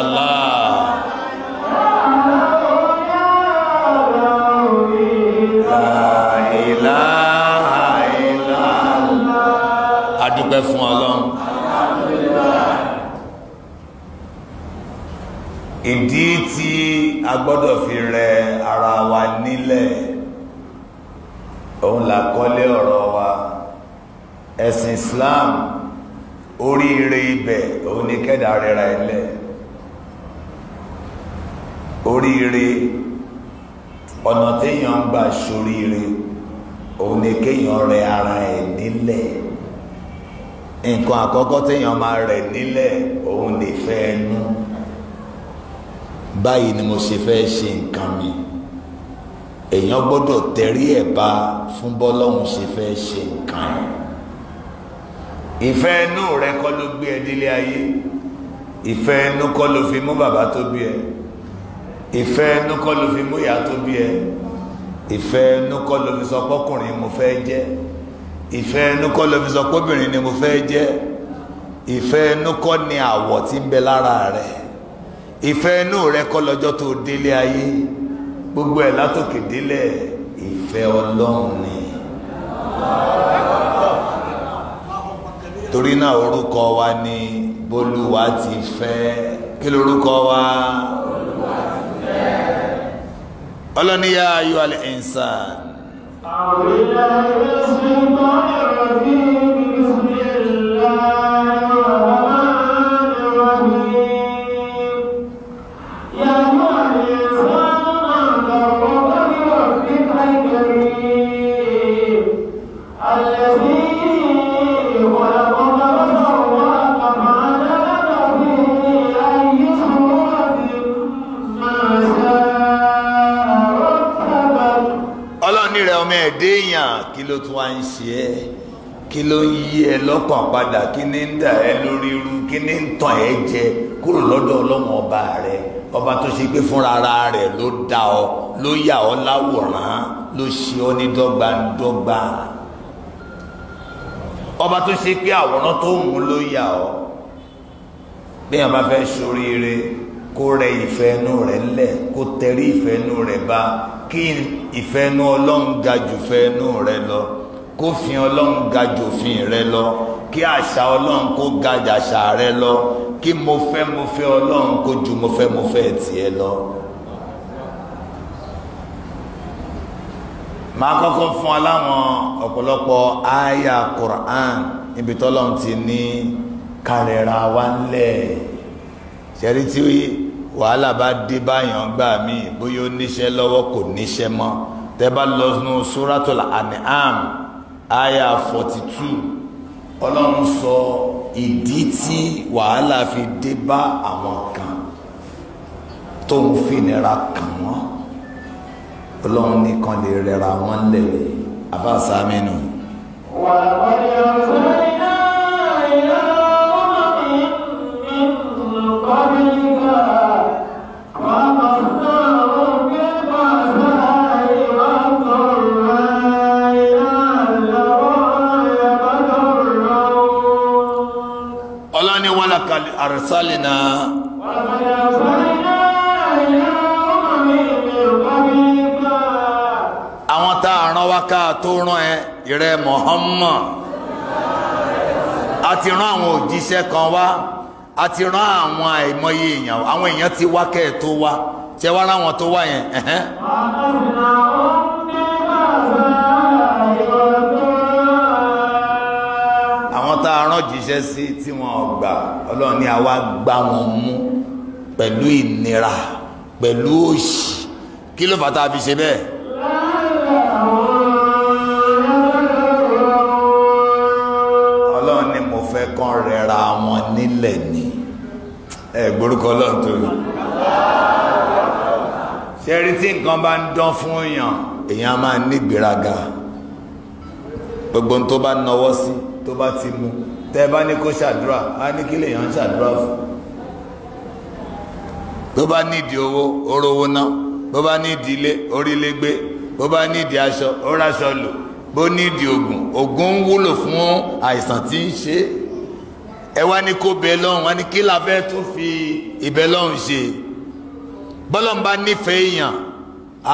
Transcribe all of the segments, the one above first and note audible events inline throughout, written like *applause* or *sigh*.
illallah. adúpẹ́ fún ọlọ́run. ìdí tí a gbọ́dọ̀ fi rẹ ara wa nílẹ̀ òun là kọ́lé ọ̀rọ̀ wa ẹ̀sìn Islam oríire ibẹ̀ òun ni kẹ́dà rẹra ẹlẹ́ẹ̀ oríire ọ̀nà téèyàn gbà soríire òun ni kéèyàn rẹ ara ẹ̀ nílẹ̀ nǹkan àkọ́kọ́ téèyàn máa rẹ̀ nílẹ̀ òun lè fẹ́ ẹnu báyìí ni mo ṣe fẹ́ ṣe nǹkan mi èèyàn gbọ́dọ̀ tẹ̀rí ẹ̀ bá fún bọ́lọ́hún ṣe fẹ́ ṣe nǹkan ẹ̀ ìfẹ́ ẹnu rẹ kọ́ ló gbé ẹ délé ayé ìfẹ́ ẹnu kọ́ ló fi mú bàbá tó bí ẹ ìfẹ́ ẹnukọ́ ló fi múyà tó bí ẹ ìfẹ́ ẹnukọ́ ló fi sọ pọ́kùnrin mo fẹ́ jẹ́ ìfẹ́ ẹnukọ́ fi sọ pọ́bìnrin ni mo fẹ́ jẹ́ ìfẹ́ ẹnukọ́ ni àwọ̀ tí ń bẹ lára rẹ̀ ìfẹ́ ẹnu rẹ kọ́ lọ́jọ́ tó délé ayé gbogbo ẹ̀ látòkè délẹ̀ ìfẹ́ ọlọ́run ni torí náà orúkọ wa ni bólúwa ti fẹ́ kí lorúkọ wa ọlọ́ni ya ayọ́ alẹ́ ìsàn. àwọn ìlànà ìrẹsì ń bá ẹ̀rọ bíi. déèyàn kí ló tún wá ń ṣe ẹ́ kí ló ń yí ẹ lọ́kàn padà kí ni ń dà ẹ lórí irú kí ni ń tàn ẹ jẹ kúrò lọ́dọ̀ ọlọ́wọ́n ọba rẹ ọba tó ṣe pé fúnra ara rẹ ló dá ọ ló yà ọ láwòrán ló ṣe ọ ní dọ́gbandọ́gba ọba tó ṣe pé àwòrán tó mú ló yà ọ bẹ́ẹ̀ bá fẹ́ ṣoríire kó rẹ ìfẹ́ inú rẹ lẹ̀ kó tẹrí ìfẹ́ inú rẹ bá kí ìfẹ́nú ọlọ́run ga jù fẹ́nú rẹ lọ kó fi ọlọ́run ga jù òfin rẹ lọ kí àṣà ọlọ́run kó ga jù àṣà rẹ lọ kí mo fẹ́ mo fẹ́ ọlọ́run kó ju mo fẹ́ mo fẹ́ tiẹ̀ lọ. màá kọ́kọ́ fún wa láwọn ọ̀pọ̀lọpọ̀ àyà Qur'an níbi tọ́lọ́run ti ní kárẹ̀ra wa ńlẹ̀ ṣẹ́rí tí ó yé wàhálà bá dé báyàn gbà mí bóyá ó níṣẹ́ lọ́wọ́ kò níṣẹ́ mọ́ tẹ́ bá lọ sínú suratul an'am aya forty two ọlọ́run sọ ìdí tí wàhálà fi dé bá àwọn kan tó ń fìnira kàn wọ́n ọlọ́run nìkan lè rẹra wọn lẹ̀ àfàṣà mẹ́nu. wàhálà yóò fún mi náà ìlànà wọn mi ní lùkọ́ mi. àrísàlìnà. àwọn tá a rán wá ká tó rán ẹ ìrẹ Muhammad a ti rán àwọn òjíṣẹ́ kan wá a ti rán àwọn àìmọye èèyàn àwọn èèyàn ti wá kẹ́ ẹ̀ tó wá ṣe wá ráwọn tó wá yẹn. ó jíṣẹ́ sí tí wọ́n gbà ọlọ́run ní àwa gbá wọn mú pẹ̀lú ìnira pẹ̀lú òṣì kí ló fà tá a fi ṣe bẹ́ẹ̀. ọlọ́run ní mo fẹ́ kán rẹra wọn nílẹ̀ ni ẹ gbórúkọ ọlọ́run tó yìí ṣẹ́rí tí nǹkan bá ń dán fún èèyàn èèyàn máa ní ìgbéraga gbogbo tó bá nawọ́ sí tó bá ti mú tẹ́ bá ní kó ṣàdúrà á ní kí lèèyàn ṣàdúrà fún tó bá nídìí owó orówó náà bó bá nídìí ilé orílẹ̀ gbé bó bá nídìí aṣọ oraṣọ lò bó nídìí oògùn oògùn ń wúlò fún àìsàn tí ń ṣe ẹ wá ní kó bẹ lọ́hùn wá ní kí la fẹ́ tún fi ìbẹ̀ lọ́hùn ṣe bọ́lọ́n bá nífẹ̀ẹ́ èèyàn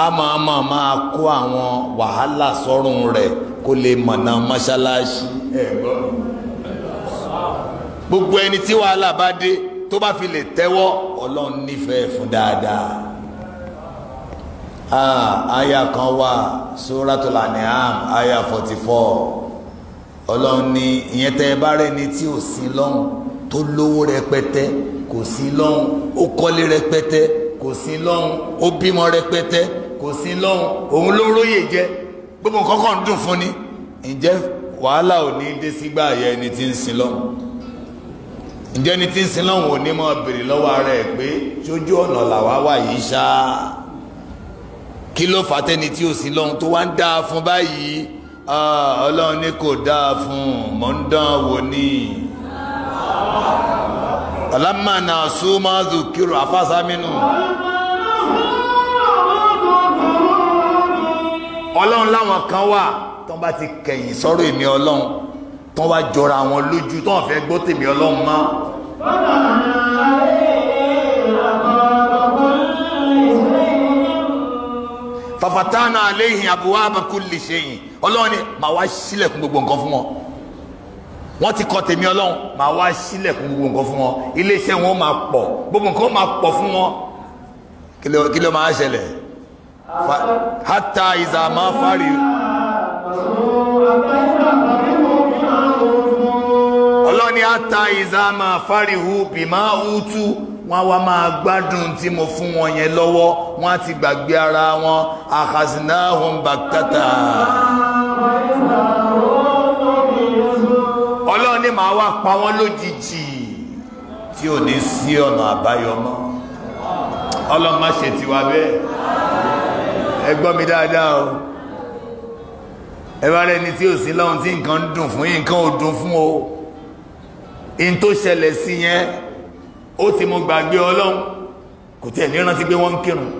a máa máa máa kó àwọn wàhálà sọ́rùn rẹ̀ kó lè mọ̀nà mọ́ṣáláṣí ẹ̀ gbọ́dọ̀ gbogbo ẹni tí wàhálà bá dé tó bá fi lè tẹ́wọ́ ọlọ́run nífẹ̀ẹ́ fún dáadáa. aya kan wà suratul an'am aya forty four ọlọ́run ní ìyẹn tẹ́ ẹ bá rẹ̀ ni tí ò sí lọ́hùn tó lówó rẹpẹtẹ kò sí lọ́hùn ó kọ́lé rẹpẹtẹ kò sí lọ́hùn ó bímọ rẹpẹtẹ kò sí lọ́hùn òun ló róyè jẹ gbogbo nǹkan dùn fún ni ǹjẹ́ wàhálà ò ní dé sígbà ayẹ ẹni tí ń sin lọ́hùn ǹjẹ́ ni tí ń sin lọ́wọ́ ní mọ́ bèrè lọ́wọ́ ara ẹ̀ pé sójú ọ̀nà làwa wà yìí ṣá kí ló fà tẹ́ni tí ò sí lọ́hun tó wá ń dáa fún báyìí ọlọ́run ní kò dáa fún mọ̀ ń dán wò ní. alámànà súnmọ́dù kírò afásámínú. ọlọ́run láwọn kan wà tó bá ti kẹ̀yìn sọ́rọ̀ èmi ọlọ́run tán wá jọra wọn lójú tán fẹ́ gbọ́ tèmi ọlọ́run mọ́ fàfàtánà àléhìn àbúwábà kulli shay'in ọlọ́run ni màá wá sílẹ̀kùn gbogbo nǹkan fún wọn wọ́n ti kọ tèmi ọlọ́run màá wá sílẹ̀kùn gbogbo nǹkan fún wọn iléeṣẹ́ wọn máa pọ̀ gbogbo nǹkan máa pọ̀ fún wọn kí ló máa ṣẹlẹ̀ hátà ìzàmá fárí. hátà ìzámà fárihu bìmá útú wọ́n wá máa gbádùn tí mo fún wọn yẹn lọ́wọ́ wọ́n á ti gbàgbé ara wọn akhaznahum baktata ọlọ́run ní màá wá pa wọ́n lójijì tí ò ní sí ọ̀nà àbáyọ mọ́ ọlọ́run má ṣe tiwa bẹ́ẹ̀ ẹ gbọ́ mi dáadáa o ẹ bá rẹni tí ò sí lọ́run tí nǹkan ń dùn fún yìí nǹkan ò dùn fún o in tó ṣẹlẹ̀ sí yẹn ó ti mú gbàgbé ọlọ́run kò tí ẹ̀ ní rántí pé wọ́n ń kírun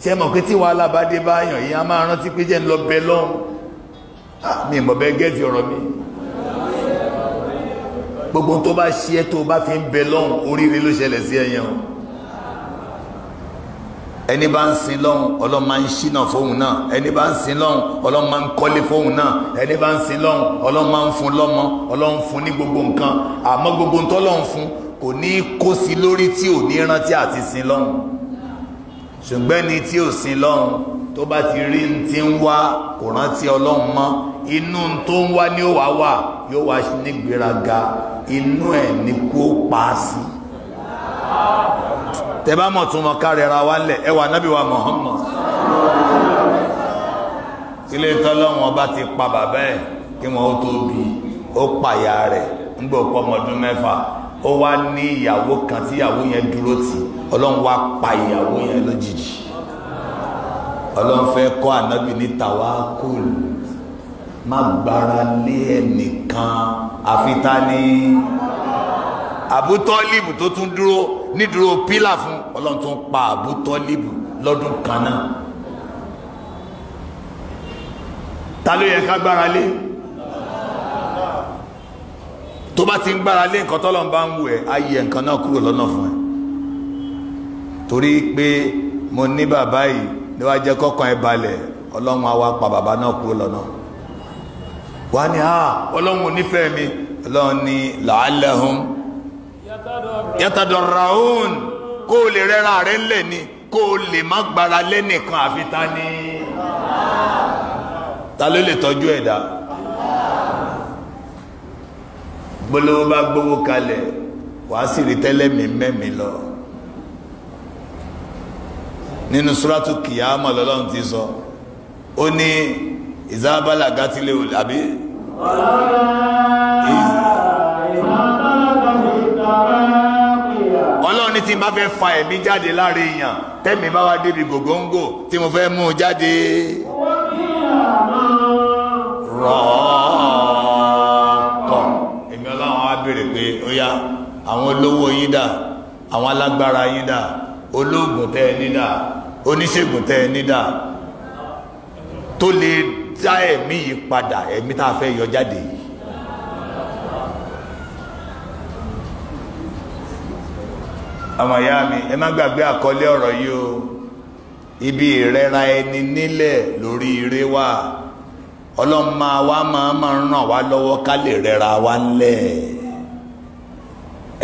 ṣe mọ̀ pé tí wàhálà bá bá yàn yìí a máa rántí pé jẹ́ ń lọ bẹ lọ́run mi mọ̀ bẹ́ gẹ́ẹ̀tì ọ̀rọ̀ mi gbogbo tó bá ṣe é tó bá fi ń bẹ lọ́run oríire ló ṣẹlẹ̀ sí ẹ̀yẹn o ẹni bá ń sin lọ́hùn ọlọ́run máa ń ṣínà fóun náà ẹni bá ń sin lọ́hùn ọlọ́run máa ń kọ́lé fóun náà ẹni bá ń sin lọ́hùn ọlọ́run máa ń fún lọ́mọ ọlọ́run fún ní gbogbo nǹkan àmọ́ gbogbo ń tọ́lọ́run fún kò ní í kó sí lórí tí ò ní rántí àti sin lọ́hùn ṣùgbọ́n ẹni tí ò sin lọ́hùn tó bá ti rí ní ti ń wá kò rántí ọlọ́run mọ́ inú tó ń wá ní ó wá wà yóò wá nígbéraga inú ẹ̀ ní kó pa á sí tẹ́bá mọ̀ tún mọ̀ kárẹ̀ ra wa lẹ̀ ẹwà nábì wa Muhammad ilé tọ́lọ́wọ́n bá ti pa bàbá ẹ̀ kí wọ́n ó tó bí ó pàyà rẹ̀ ńgbò pọ́mọdún mẹ́fà ó wá ní ìyàwó kan tí ìyàwó yẹn dúró tì ọlọ́run wá pa ìyàwó yẹn lójijì ọlọ́run fẹ́ kọ́ ànábì ní tàwákùl má gbára lé ẹnìkan àfi ta ni tó tún dúró nídúró pílà fún ọlọ́run tó ń pa àbútọ́líbù lọ́dún kan náà ta ló yẹ ká gbára lé tó bá ti ń gbára lé nǹkan tọ́lọ́run bá ń wù ẹ́ á yẹ nǹkan náà kúrò lọ́nà fún ẹ torí pé mo ní bàbá yìí níwájú jẹ́ kọ́kàn ẹ balẹ̀ ọlọ́run á wá pa bàbá náà kúrò lọ́nà wà ní ah, ọlọ́run ò nífẹ̀ẹ́ mi ọlọ́run ní làálẹ̀ hùn yàtàdọ̀ràún kó o lè rẹ́ra rẹ̀ ńlẹ̀ ni kó o lè má gbára lẹ́nìkan àfi ta ni ta ló lè tọ́jú ẹ̀dá gbólóhùn bá gbówó kalẹ̀ wàá sì rí tẹ́lẹ̀mí mẹ́mí lọ nínú suratu kìyàmọ̀ lọ́lọ́run ti sọ ó ní ìzábálà gátìlẹ̀ àbí ọlọ́run ní tí n bá fẹ́ fa ẹ̀mí jáde láre èèyàn tẹ́mi bá wá débi gògóńgò tí mo fẹ́ mú jáde. rọ́ọ̀tọ̀ èmi ọlọ́run á béèrè pé ó yá àwọn olówó yín dà àwọn alágbára yín dà olóògùn tẹ́ ẹ ní dà oníṣègùn tẹ́ ẹ ní dà tó lè dá ẹ̀mí yìí padà ẹ̀mí tá a fẹ́ yọ jáde yìí. ọmọ ìyá mi ẹ má gbàgbé àkọlé ọ̀rọ̀ yìí o ibi ìrẹ́ra ẹni nílẹ̀ lórí ire wà ọlọ́run máa wá máa máa ràn wá lọ́wọ́ ká lè rẹ́ra wá ńlẹ̀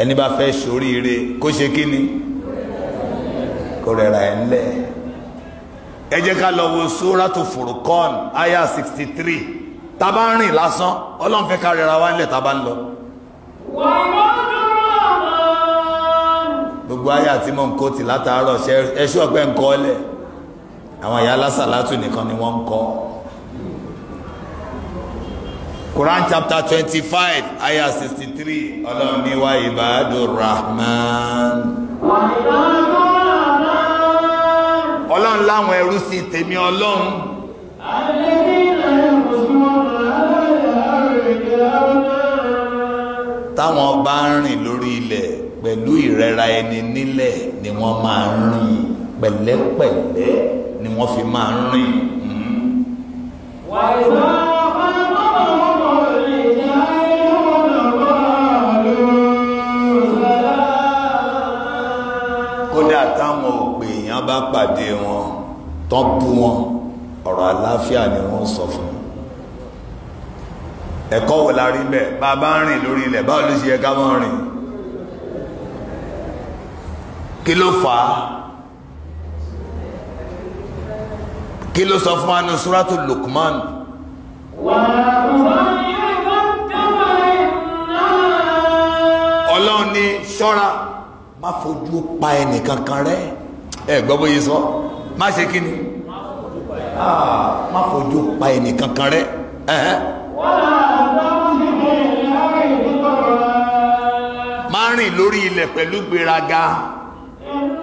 ẹni bá fẹ́ sórí ire kó ṣe kí ni kó rẹ́ra ẹ̀ ńlẹ̀ ẹ jẹ́ ká lọ wo sóràtú furukọ́n aya sixty three tá a bá ń rìn lásán ọlọ́run fẹ́ ká rẹ́ra wá ńlẹ̀ tá bá ń lọ. wàá mọ́tò gbogbo àyà tí mò ń kó ti látàárọ̀ ẹṣú ọ̀pẹ́ ń kọ́ lẹ̀ àwọn ìyá lásàlátù nìkan ni wọ́n ń kọ́ Quran chapter twenty five ayah sixty three ọlọ́run ní wa ibadu rahman. ọlọ́run láwọn ẹrú sí tèmi ọlọ́run. táwọn bá ń rìn lórí ilẹ̀ pẹ̀lú ìrẹ́ra ẹni nílẹ̀ ni wọ́n máa ń rìn pẹ̀lẹ́pẹ̀lẹ́ ni wọ́n fi máa ń rìn. wàá kódà táwọn òpè èèyàn bá pàdé wọn tán bú wọn ọ̀rọ̀ àláfíà ni wọ́n sọ fún ẹ̀kọ́ wò la rí bẹ́ẹ̀ bá a bá ń rìn lórí ilẹ̀ báwo ló ṣe yẹ ká máa rìn kí ló fà á kí ló sọ fún anu suratu Luqman. ọlọ́run ní ṣọ́ra má fojú pa ẹnìkankan rẹ ẹ gbọ́ bóyá sọ má ṣe kí ni má fojú pa ẹnìkankan rẹ. má lórí ilẹ̀ pẹ̀lú gbéraga.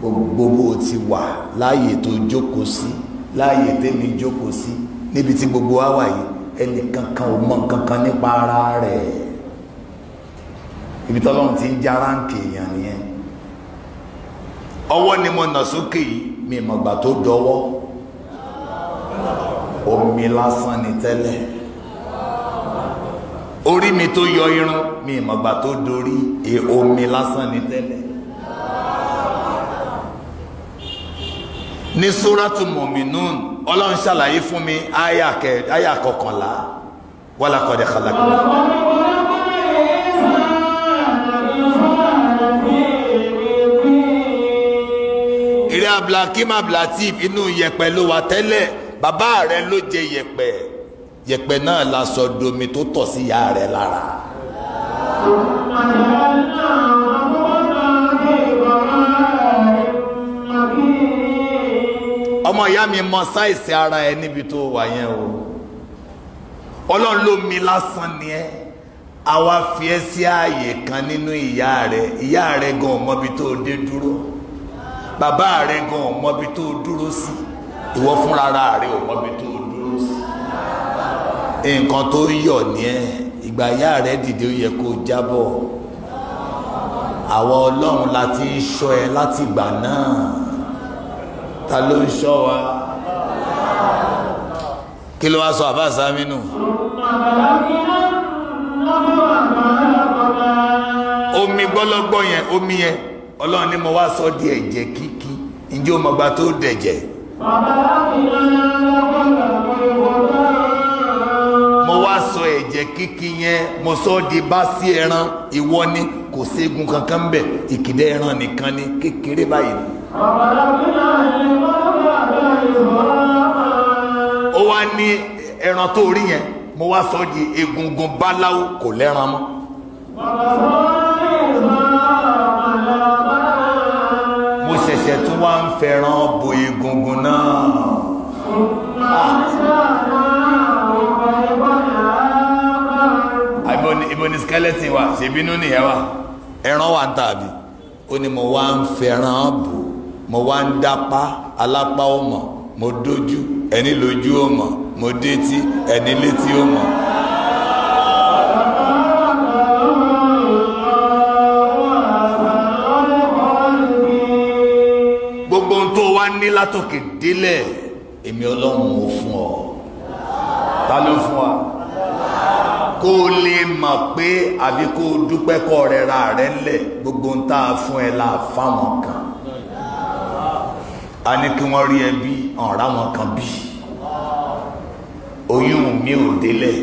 gbogbo bó ti wà láàyè tó jókòó sí láàyè tèmi jókòó sí níbi tí gbogbo wa wà yìí ẹnì kankan ò mọ kankan nípa ara rẹ̀ ibi tọ́lọ́run ti ń já ráǹkì èèyàn nìyẹn ọwọ́ ni mo nà sókè yìí mi mọ̀gbà tó dọwọ́ omi lásán ni tẹ́lẹ̀ orí mi tó yọ irun mi mọ̀gbà tó dorí e, omi lásán ni tẹ́lẹ̀. ní sóràtù mọ̀mìnún ọlọ́run ṣàlàyé fún mi àyà kọkànlá wàlàkọ̀dẹ̀ kàlàkọ̀. ìrẹ́ abdulhakeem abdulhateef inú yẹ̀pẹ̀ ló wà tẹ́lẹ̀ bàbá rẹ̀ ló jẹ yẹ̀pẹ̀ yẹ̀pẹ̀ náà la sọ domi tó tọ̀ sí ìyá rẹ̀ lára. ọmọ ìyá mi mọ sáìsì ara ẹ níbi tó wà yẹn o ọlọ́run ló mi lásán ni ẹ àwa fi ẹ sí ààyè kan nínú ìyá rẹ ìyá rẹ gan mọbi tó dé dúró bàbá rẹ gan mọbi tó dúró sí ìwọ fúnra rẹ ò tó dúró sí nǹkan tó yọ ni ẹ ìgbà ìyá rẹ dìde ó yẹ kó jábọ̀ àwa ọlọ́run la ti ń ṣọ́ ẹ láti ìgbà náà ta ló ń ṣọ́ wa kí ló wá sọ àbá àsámínú omi gbọ́lọ́gbọ́ yẹn omi yẹn ọlọ́run ní mo wá sọ di ẹ̀jẹ̀ kíkí ǹjẹ́ o mọ̀gbà tó dẹ̀jẹ̀ mo wá sọ ẹ̀jẹ̀ kíkí yẹn mo sọ di bá sí ẹran ìwọ ni kò ségun kankan bẹ̀ ìkìdẹ̀ ẹran nìkan ni kékeré báyìí ó wá ní ẹran tó rí yẹn mo wá sọ di egungun báláwo kò lẹ́ran mọ́. mo ṣẹ̀ṣẹ̀ tún wá ń fẹ́ràn bo egungun náà. ibo ni skeleton wa ṣebí inú nìyẹn wa ẹran wa ń tàbí ó ní mo wá ń fẹ́ràn bò mo wá ń dápá alápá ó mọ̀ mo dójú ẹni lójú ó mọ̀ mo détí ẹni létí ó mọ̀. gbogbo ohun tó wá ní látòkè délẹ̀ èmi ọlọ́run mo fún ọ ta ló fún wa kó o lè mọ̀ pé àbí kó o dúpẹ́ kọ́ rẹ̀ ra rẹ̀ ńlẹ̀ gbogbo ń tá a fún ẹ la fáwọn kan a ní kí wọ́n rí ẹbí ọ̀rá wọn kan bí oyún mi ò délẹ̀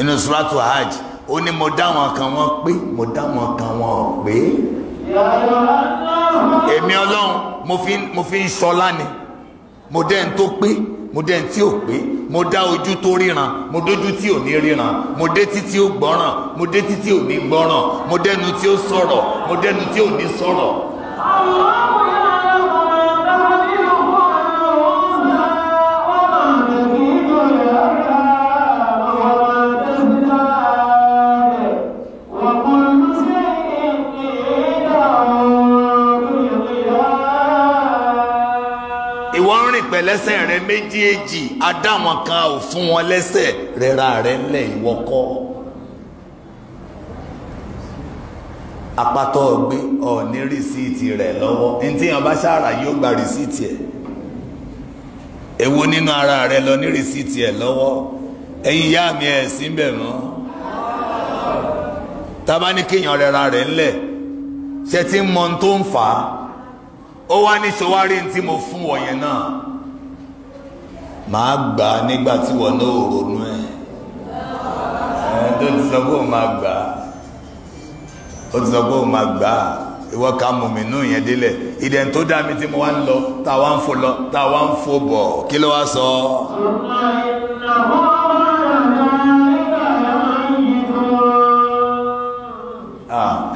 inú suratu hajj ó ní mo dá wọn kan wọn pé mo dá wọn kan wọn ò pé èmi ọlọ́run mo fi ń sọ lánìí mo dẹ́ ń tó pé mo dẹ́ tí ò pé mo dá ojú tó ríran mo dójú tí ò ní ríran mo détí tí ó gbọ́ràn mo détí tí ò ní gbọ́ràn mo dẹ́nu tí ó sọ̀rọ̀ mo dẹ́nu tí ò ní sọ̀rọ̀. pẹ̀lẹ́sẹ̀ rẹ méjèèjì adáwọn kan ò fún wọn lẹ́sẹ̀ rẹra rẹ ńlẹ̀ ìwọ kọ́ apátọ́ gbé ọ̀ọ́ní rìsíìtì rẹ̀ lọ́wọ́ ní tí yàn bá ṣàrà yóò gba rìsíìtì ẹ̀ èwo nínú ara rẹ lọ ní rìsíìtì ẹ̀ lọ́wọ́ ẹ̀yin ìyá mi ẹ̀ sí bẹ̀ mọ́ tábà kéèyàn rẹra rẹ̀ ńlẹ̀ ṣe ti ń mọ ohun tó ń fà á ó wá ní sọ wá rí ní tí mo fún wọ̀nyẹn náà máa gbà á nígbà tí wọn náà ò ronú ẹ̀ ẹ̀ tó ti sọ pé òun máa gbà á ó ti sọ pé òun máa gbà á ìwọ ká mú mi nú yẹn délẹ̀ ìdẹ̀ tó dá mi tí mo wá ń lọ tá a wá ń fò lọ tá a wá ń fò bọ̀ kí ló wá sọ.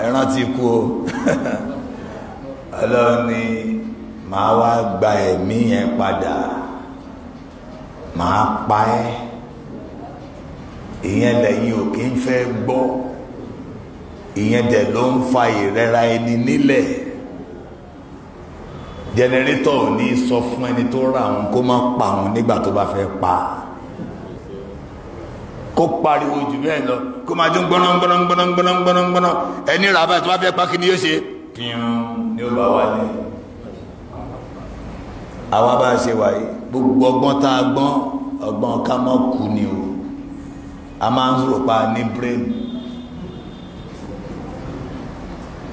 ẹran ti kú o *laughs* ọlọ́run ni màá wá gba ẹ̀mí yẹn padà màá pa ẹ́ ìyẹn lẹ́yìn ò kí ń fẹ́ gbọ́ ìyẹn dẹ̀ ló ń fa ìrẹ́ra ẹni nílẹ̀ jẹnẹrétọ̀ ò ní sọ fún ẹni tó ra òun kó má pa òun nígbà tó bá fẹ́ pa kó pariwo jù bẹ́ẹ̀ lọ kó máa dún gbọ́nà ẹni rà báyìí tó bá fẹ́ pa kí ni yóò ṣe. kíyàn ni ó bá wà lẹ́yìn àwa bá ṣe wáyé gbogbo ọgbọ́n tá a gbọ́n ọgbọ́n ká mọ́ kú ni o a máa ń rò pa ní brain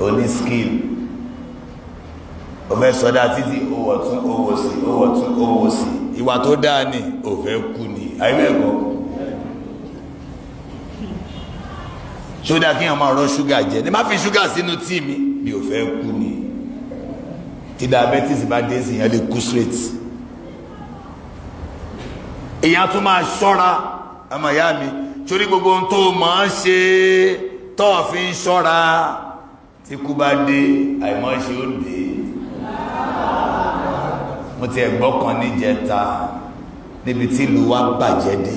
o skill o fẹ́ sọdá títí owó tún owó sí owó tún owó sí ìwà tó dáa ni o fẹ́ kú ni àyẹ̀wò ṣó dáa kí èèyàn máa rọ ṣúgà jẹ ní má fi ṣúgà sínú tíì mi mi ò fẹ́ kú ni tí diabetes bá dé sí ìyẹn lè kú straight èyàn tún máa ṣọ́ra ọmọ ìyá mi torí gbogbo ohun tó máa ń ṣe tọ́ọ̀fin ṣọ́ra tí kú bá dé àìmọ́ ṣe ó dé mo ti ẹ̀gbọ́ kan níjẹta níbi tí ìlú wa bàjẹ́ dé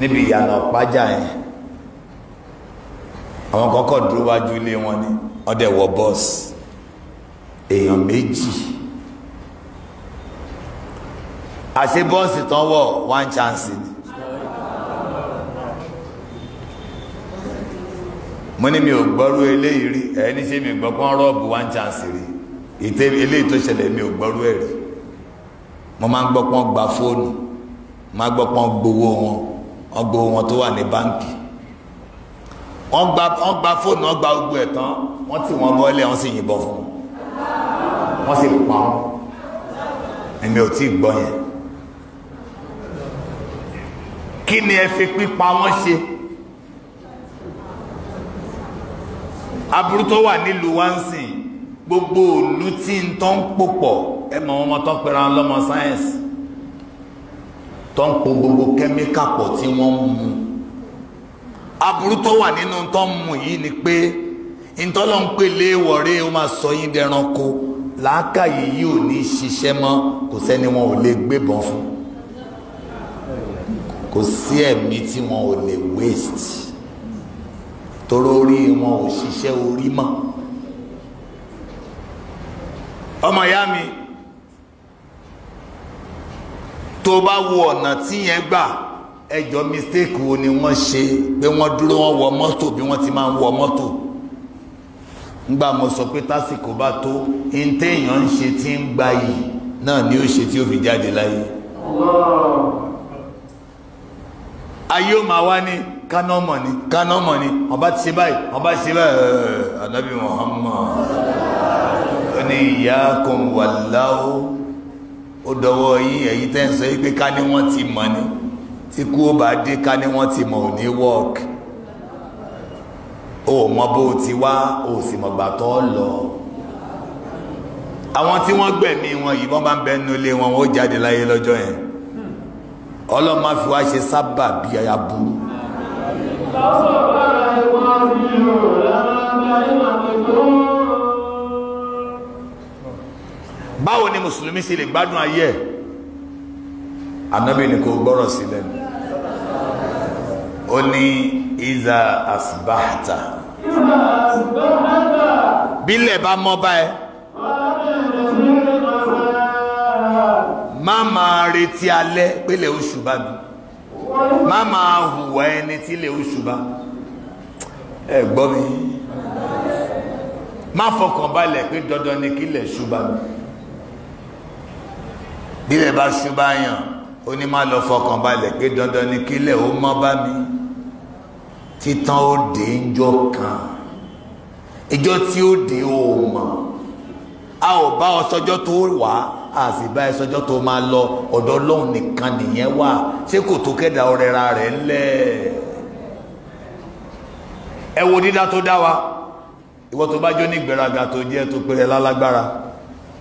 níbi ìyànà ọ̀pájà yẹn àwọn kọ́kọ́ dúró wájú ilé wọn ni ọdẹ wọ bọ́ọ̀sì èèyàn méjì àṣé bọ́ọ̀sì tán wọ̀ one chance ni mo ní mi ò gbọ́rú eléyìí rí ẹni ṣé mi gbọ́ pọ́n rọ́ọ̀bù one chance rí eléyìí tó ṣẹlẹ̀ mi ò gbọ́rú ẹ̀ rí mo máa ń gbọ́ pọ́n gba fóònù máa gbọ́ pọ́n gbowó wọn wọ́n gbowó wọn tó wà ní báńkì wọ́n gba fóònù wọ́n gba gbogbo ẹ̀ tán wọ́n tì wọ́n bọ́lẹ̀ wọ́n sì yìnbọn fún un wọ́n sì pa ọ́ èmi ò tí ì gbọ́ yẹn kí ni ẹ fi pípa wọ́n ṣe aburú tó wà nílùú wa ń sìn gbogbo òlú tí ń tọ́ ń pò pọ̀ ẹ mọ̀ wọn tó ń pera wọn lọ́mọ sáyẹ́nsì tó ń po gbogbo kẹ́míkà pọ̀ tí wọ́n mu aburú tó wà nínú tó mu yìí ni pé ntọ́lọ́ ń pè léèwọ̀ rèé ó máa sọ yín dẹranko làákàyè yìí ò ní ṣiṣẹ́ mọ́ kò sẹ́ni wọn ò lè gbébọn fún kò sí ẹ̀mí tí wọn ò lè waste torí orí wọn ò ṣiṣẹ́ orí mọ́ ọmọ ìyá mi tó bá wo ọ̀nà tí yẹn gbà ẹjọ́ mistake wo ni wọ́n ṣe pé wọ́n dúró wọ́n wọ mọ́tò bí wọ́n ti máa ń wọ mọ́tò ngbà mo sọ pé tásìkò bá tó n téèyàn ń ṣe tí ń gba yìí náà ni ó ṣe tí ó fi jáde láyé ayé ó máa wá ní kánọ́mọ̀ ni kánọ́mọ̀ ni ọba ti ṣe báyìí ọba ti ṣe báyìí anabi muhammad ó ní iyyakum wallahu ó dọwọ́ yín ẹ̀yin tẹ́ ń sọ pé ká ní wọ́n ti mọ̀ ni tí kú ó bá dé ká ní wọ́n ti mọ̀ ò ní wọ́ọ̀kì o mọ bó o ti wá o sì mọ̀gbà tó lọ àwọn tí wọ́n gbẹ̀mí wọn yìí wọ́n bá ń bẹnu ilé wọn wọ́n jáde láyé lọ́jọ́ yẹn ọlọ́run má fi wá ṣe sábà bí aya burú. báwo ni mùsùlùmí ṣe lè gbádùn ayé ẹ̀ ànábì ni kò gbọ́rọ̀ sílẹ̀ ni ó ní iza asbáhátà bílẹ̀ bá mọ́ báyẹ má máa retí alẹ́ pélé oṣù bá mi má máa hùwà ẹni tí lè oṣù bá ẹ gbọ́ mi má fọkàn balẹ̀ pé dandan ni kílẹ̀ ṣù mi bílẹ̀ bá ṣù yàn ó ní má lọ fọkàn balẹ̀ pé dandan ni kílẹ̀ ó mọ́ bá mi títàn ó dé ńjọ́ kan ìjọ tí ó dé ó mọ̀ a ò bá ọ sọjọ́ tó wà á sì bá ẹ sọjọ́ tó máa lọ ọ̀dọ̀ Ọlọ́run nìkan nìyẹn wà ṣé kò tó kẹ́dà ọ̀rẹ́ra rẹ̀ ńlẹ̀ ẹ wo dídá tó dá wa ìwọ tó bá jó ní ìgbéraga tó jẹ́ tó péré lálágbára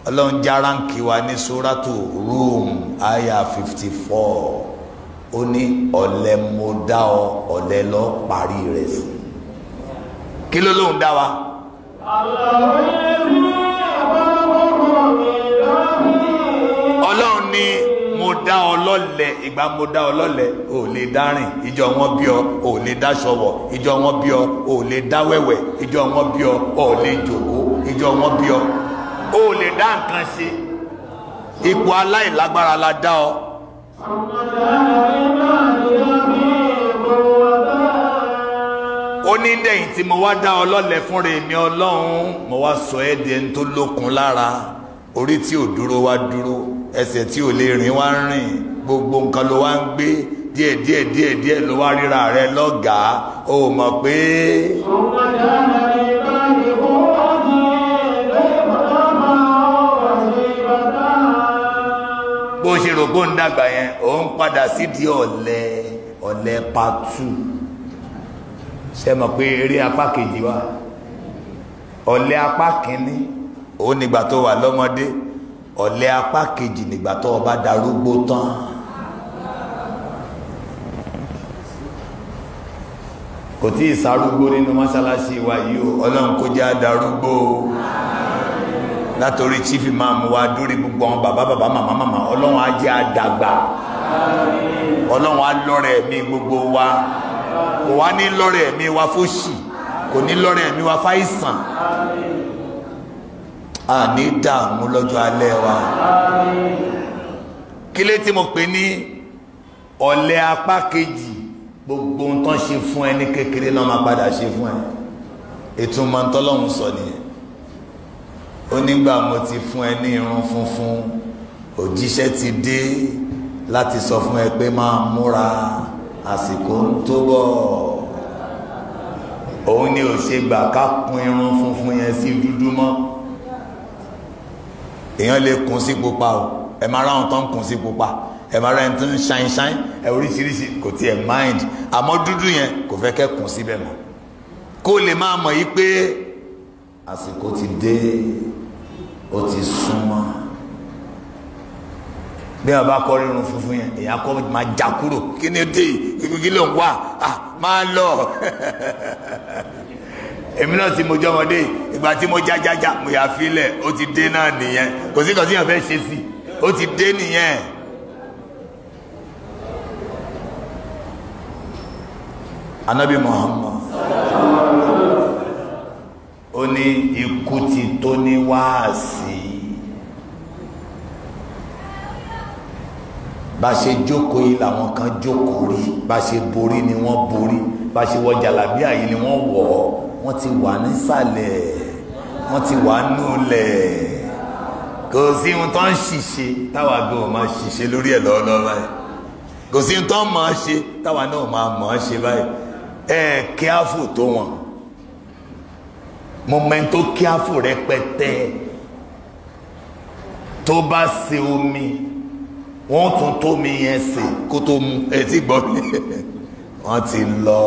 ọlọ́run járánkì wa ní suratu Rum aya fifty four ó ní ọ̀lẹ mo dá ọ ọ̀lẹ lọ parí rẹ̀ sí kí ló lóun dá wa. ọlọ́run ní mo dá ọ lọ́lẹ̀ ìgbà mo dá ọ lọ́lẹ̀ ò lè dárìn ìjọ wọn bí ọ ò lè dáṣọwọ̀ ìjọ wọn bí ọ ò lè dáwẹ̀wẹ̀ ìjọ wọn bí ọ ò lè jòkó ìjọ wọn bí ọ o lè dá nǹkan ṣe ipò aláìlágbára la dá ọ. ó ní dẹ̀yìn tí mo wá dá ọ lọ́lẹ̀ fúnra èmi ọlọ́run mo wá sọ ẹ́ di ẹni tó lókun lára orí tí ò dúró wá dúró ẹsẹ̀ tí ò lè rìn wá rìn gbogbo nǹkan ló wá ń gbé díẹ̀ díẹ̀ díẹ̀ díẹ̀ ló wá ríra rẹ lọ́gàá o mọ̀ pé. ọmọdé àná ni báyìí. bó ṣe rò pé ó ń dàgbà yẹn ó ń padà sídìí ọ̀lẹ ọ̀lẹ pàtó ṣe mọ̀ pé eré apá kejì wa ọ̀lẹ apá kínní òun nígbà tó wà lọ́mọdé ọ̀lẹ apá kejì nígbà tó o bá darúgbó tán. kò tí ì sárúgbó nínú mọ́ṣáláṣí wa yìí ọlọ́run kó jẹ́ adarúgbó o látọrí tí fi máa mú wa dórí gbogbo àwọn bàbá bàbá màmá màmá ọlọ́run á jẹ́ àdàgbà ọlọ́run á lọ́rẹ̀ ẹ̀mí gbogbo wa kò wá ní lọ́rẹ̀ ẹ̀mí wa fóṣì kò ní lọ́rẹ̀ ẹ̀mí wa fáìsàn àní dààmú lọ́jọ́ alẹ́ wa kílé tí mo pè ní ọ̀lẹ apá kejì gbogbo ohun tó ń ṣe fún ẹ ní kékeré náà máa padà ṣe fún ẹ ètò mọ̀ntọ́lọ́hún sọ nìyẹn ó nígbà mo ti fún ẹ ní irun funfun òjíṣẹ́ ti dé láti sọ fún ẹ pé máa múra àsìkò ń tó bọ̀ òun ni ò ṣe gbà ká kun irun funfun yẹn sí dúdú mọ́ èèyàn lè kun sí pupa o ẹ máa ráhùn tán kun sí pupa ẹ máa ráhùn tán ṣáìn ṣáìn ẹ oríṣiríṣi kò tiẹ̀ mind àmọ́ dúdú yẹn kò fẹ́ kẹ́ kun síbẹ̀ mọ́ kó lè máa mọ̀ yí pé àsìkò ti dé ó ti súnmọ́ bí wọn bá kọ́ rírun funfun yẹn èyàn kọ́ máa já kúrò kí ni dé kí ló ń wà á máa lọ *laughs* èmi náà ti mo jọ ọmọdé ìgbà tí mo jájájá mo yà fílẹ̀ ó ti dé náà nìyẹn kò sí kan tí yàn ṣe sí ó ti dé nìyẹn. anabi muhammad ó ní ikú ti tó ní wáàsí bá ṣe jókòó yìí làwọn kan jókòó rí bá ṣe borí ni wọ́n borí bá ṣe wọ jàlábíà yìí ni wọ́n wọ̀ ọ́ wọ́n ti wà nísàlẹ̀ wọ́n ti wà núlẹ̀ kò sí ohun tó ń ṣìṣe táwa gbé wọn máa ṣìṣe lórí ẹ̀ lọ́wọ́lọ́wọ́ báyìí kò sí ohun tó ń máa ṣe táwa náà máa mọ̀ ọ́ ṣe báyìí ẹ̀ kí á fò tó wọn mọ̀mẹ́ntó kíáfù rẹpẹtẹ tó bá ṣe omi wọ́n tún tómi yẹn sè kó tó mu ẹtí gbọ́ mi *laughs* wọ́n ti lọ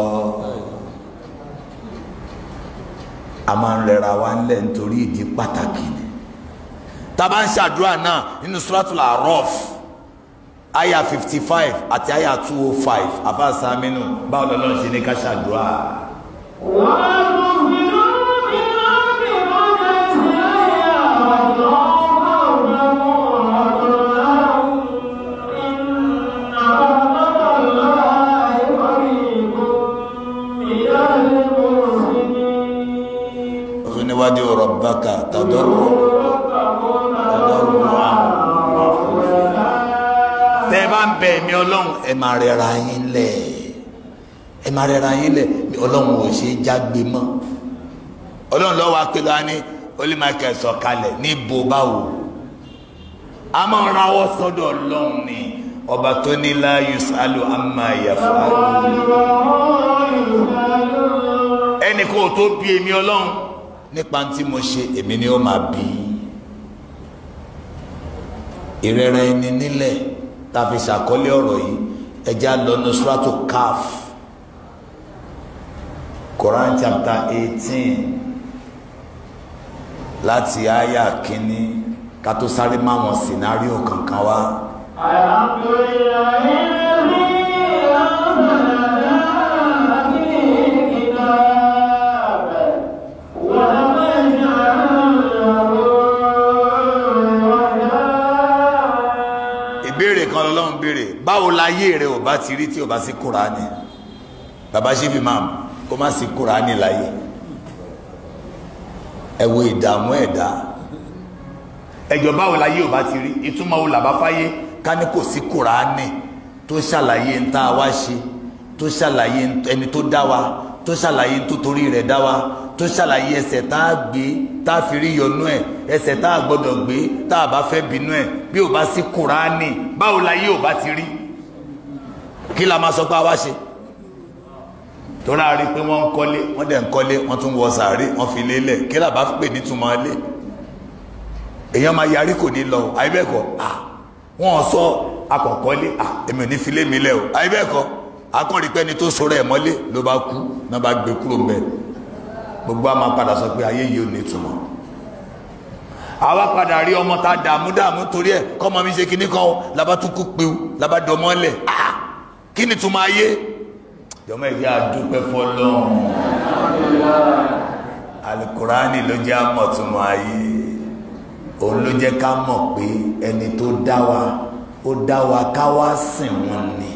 a máa ń rẹra wa ńlẹ̀ nítorí ìdí pàtàkì ni tá ń ṣàdúrà náà nínú suratul Araf aya fifty five àti aya two oh five àfa sàmínú báwo lọ́lọ́run ṣe ní ká ṣàdúrà. wọ́n á mú وادعوا ربك تضرعا تضرعا tẹ́ bá ń bẹ ẹ̀mí ọlọ́run ẹ máa rẹra yín lẹ̀ ẹ máa rẹra yín lẹ̀ ọlọ́run ò ṣe é jágbe mọ́ ọlọ́run lọ́wọ́ akéwà ni olùmọ̀kẹ́ sọ̀kalẹ̀ níbo báwo a máa ń rawọ́ sọ́dọ̀ ọlọ́run ni ọba tó ní láyùs alu amma yaf'al ẹnì kan ò tó bí ẹ̀mí ọlọ́run nípa tí mo ṣe èmi ni ó máa bí ìrẹ́rẹ́ ẹni nílẹ̀ tá a fi ṣàkọlé ọ̀rọ̀ yìí ẹja lọ́nu suratu kaf Quran chapter eighteen láti àyà kínní ká tó sáré máwọn scenario kankan wá. alhamdulilayi. báwo láyé rẹ ò bá ti rí tí ò bá sí kúránì bàbá ṣíbi máa kó má sí kúránì láyé ẹ wo ìdààmú ẹ̀dá ẹjọ báwo láyé ò bá ti rí ìtumọ̀ wo làbá fáyé ká ní kò sí kúránì tó ṣàlàyé ń tá a wá ṣe tó ṣàlàyé ẹni tó dá wa tó ṣàlàyé tó torí rẹ̀ dá wa tó ṣàlàyé ẹsẹ̀ tá a gbé tá a fi rí yọnú ẹ̀ ẹsẹ̀ tá a gbọ́dọ̀ gbé tá a bá fẹ́ bínú ẹ̀ bí ò sí kúránì báwo láyé ò bá ti rí kí la máa sọ pé a wá ṣe torí a rí i pé wọ́n ń kọ́lé wọ́n dẹ̀ ń kọ́lé wọ́n tún wọ sàárè wọ́n fi lélẹ̀ kí la bá pè ní túmọ̀ lé èèyàn máa yarí kò ní lọ àyíbẹ̀kọ̀ wọ́n sọ akọ̀kọ́lé èmi ò ní filé mi lẹ̀ o àyíbẹ̀kọ̀ akọ́rìpẹ́ ni tó sọ̀rọ̀ ẹ̀ mọ́lé ló bá kú náà bá gbé kúrò mbẹ́ gbogbo a máa padà sọ pé ayé yìí ò ní túmọ̀ àwa padà rí ọmọ ta dààmú dààmú torí ẹ kọ́mọ mi ṣe kinní kan o pé o labá ah kí ni túmọ̀ ayé jọmọ ìjẹ́ àdúpẹ́ fọ́lọ́run alukurani ló jẹ́ àmọ̀túnmọ̀ ayé òun ló jẹ́ ká mọ̀ pé ẹni tó dá wa ó dá wa ká wá sìn wọn ni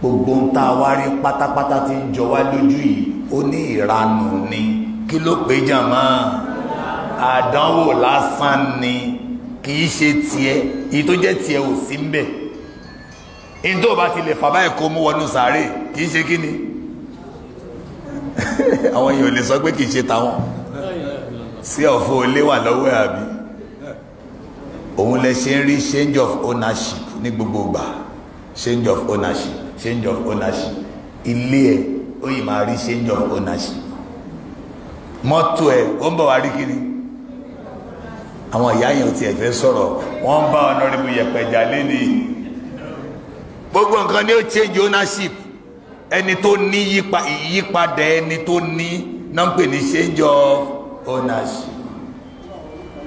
gbogbo ń tá a wá rí pátápátá tí ń jọ wá lójú yìí ó ní ìranù ni kí ló pé jàmá àdánwò lásán ni kì í ṣe tiẹ̀ èyí tó jẹ́ tiẹ̀ ò sí ń in tó bá ti lè fàbá ẹ̀kọ́ mú wọnú sàárè kìí ṣe kí ni *laughs* àwọn èèyàn lè sọ pé kìí ṣe tàwọn sí ọ̀fọ́ olé wà lọ́wọ́ ẹ̀ àbí òun lẹ ṣe ń rí change of ownership ní gbogbo ìgbà change of ownership change of ownership ilé ẹ ó yìí máa rí change of ownership mọ́tò ẹ ó ń bọ̀ wá rí kí ni àwọn ìyá yẹn ò tiẹ̀ fẹ́ sọ̀rọ̀ wọ́n ń bá ọ̀nà rẹ̀ bu yẹ̀pẹ̀ jà lé gbogbo nǹkan ni ó change ownership ẹni tó ní ìyípadà ẹni tó ní náà ń pè ní change of ownership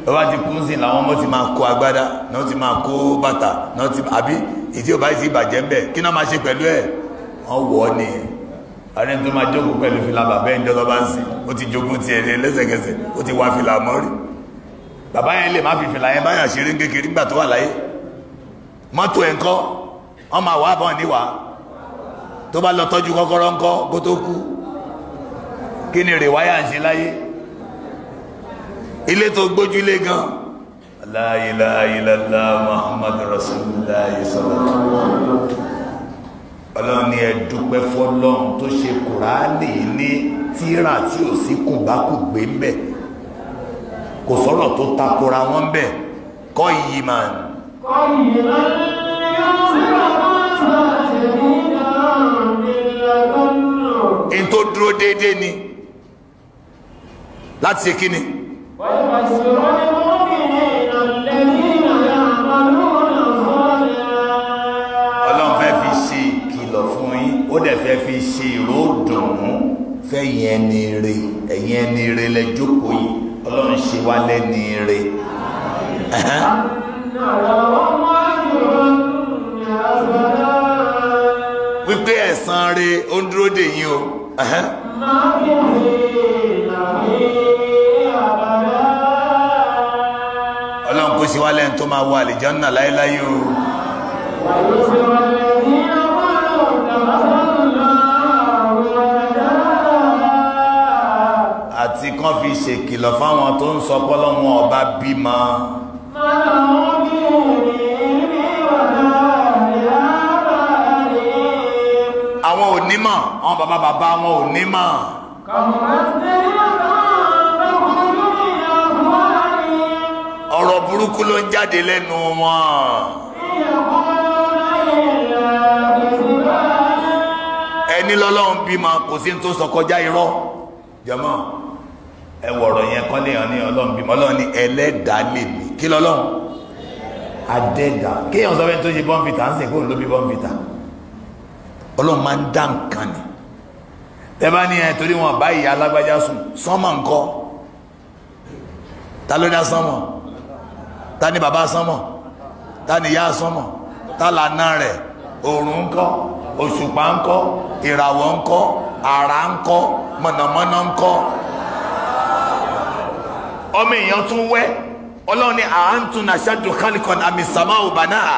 ọba ti kú sí làwọn ọmọ ti máa kó agbádá náà ti máa kó bàtà náà ti àbí ìdí ò bá sì bàjẹ́ ń bẹ̀ kí náà máa ṣe pẹ̀lú ẹ̀ wọ́n wọ̀ ọ́ ni ààrẹ tó máa jókòó pẹ̀lú fìlà bàbá ẹ̀ ń bá ń sìn ó ti jogún tiẹ̀ lé lẹ́sẹ̀kẹsẹ̀ ó ti wá fìlà mọ́rí bàbá yẹn lè má fi fìlà yẹn báyà ṣeré kékeré nígbà tó wà láyé mọ́tò ẹ̀ ń ọmọ àwa àbọ̀ níwà tó bá lọ tọ́jú kọ́kọ́rọ́ ńkọ́ kó tó kú kí ni rèwáyà ń ṣe láyé ilé tó gbójúlé gan la ilaha illallah muhammad rasulullah ọlọ́run ni ẹ dúpẹ́ fọlọ́run tó ṣe kùránì ní tíra tí ò sí kùbákùgbé ń bẹ̀ kò sọ̀rọ̀ tó takora wọn bẹ̀ kọ́ yìí mà. kọ́ yìí mà in tó dúró déédéé ni láti ṣe kíni. ọlọ́run fẹ́ fi ṣe ìkìlọ̀ fún yín ó dẹ̀ fẹ́ fi ṣe ìró dùnú fẹ́yìn ẹni re ẹ̀yìn ẹni re lẹ yìí ọlọ́run ṣe wá lẹ́ni re. ọlọ́run ṣe wá lẹ́ni re. re ó ń dúró dè yín o. ọlọ́run kò sí wálẹ̀ tó máa wọ àlìjánná láéláé o. àti kan fi ṣèkìlọ̀ fáwọn tó ń sọ pé ọba bímọ. máa ń bí èrè. nímọ̀ àwọn bàbá bàbá wọn ò nímọ̀. ọ̀rọ̀ burúkú ló ń jáde lẹ́nu wọn. ẹni lọ́lọ́run bímọ kò sí ní tó sọ kọjá irọ́ jẹ̀mọ́ ẹ wọ̀rọ̀ yẹn kọ́ léèyàn ní ọlọ́run bímọ ọlọ́run ní ẹlẹ́dàá lè mí kí lọ́lọ́run adẹ́dàá kéèyàn sọ fẹ́ tó ṣe bọ́ǹfìtà ń sìn kó ló bí bọ́ǹfìtà ọlọ́run máa ń dá nǹkan ni ẹ bá ní ẹ torí wọn bá ìyá alágbájá sùn sánmọ̀ nǹkan ta ló dá sánmọ̀ ta ni bàbá sánmọ̀ ta ni ìyá sánmọ̀ ta lànà rẹ̀ òòrùn ńkọ́ òṣùpá ńkọ́ ìràwọ̀ ńkọ́ àrá ńkọ́ mọ̀nàmọ́ná ńkọ́ ọmọ èèyàn tún wẹ́ ọlọ́run ni à ń tún àṣàjù àmì sàmáwò bànáà.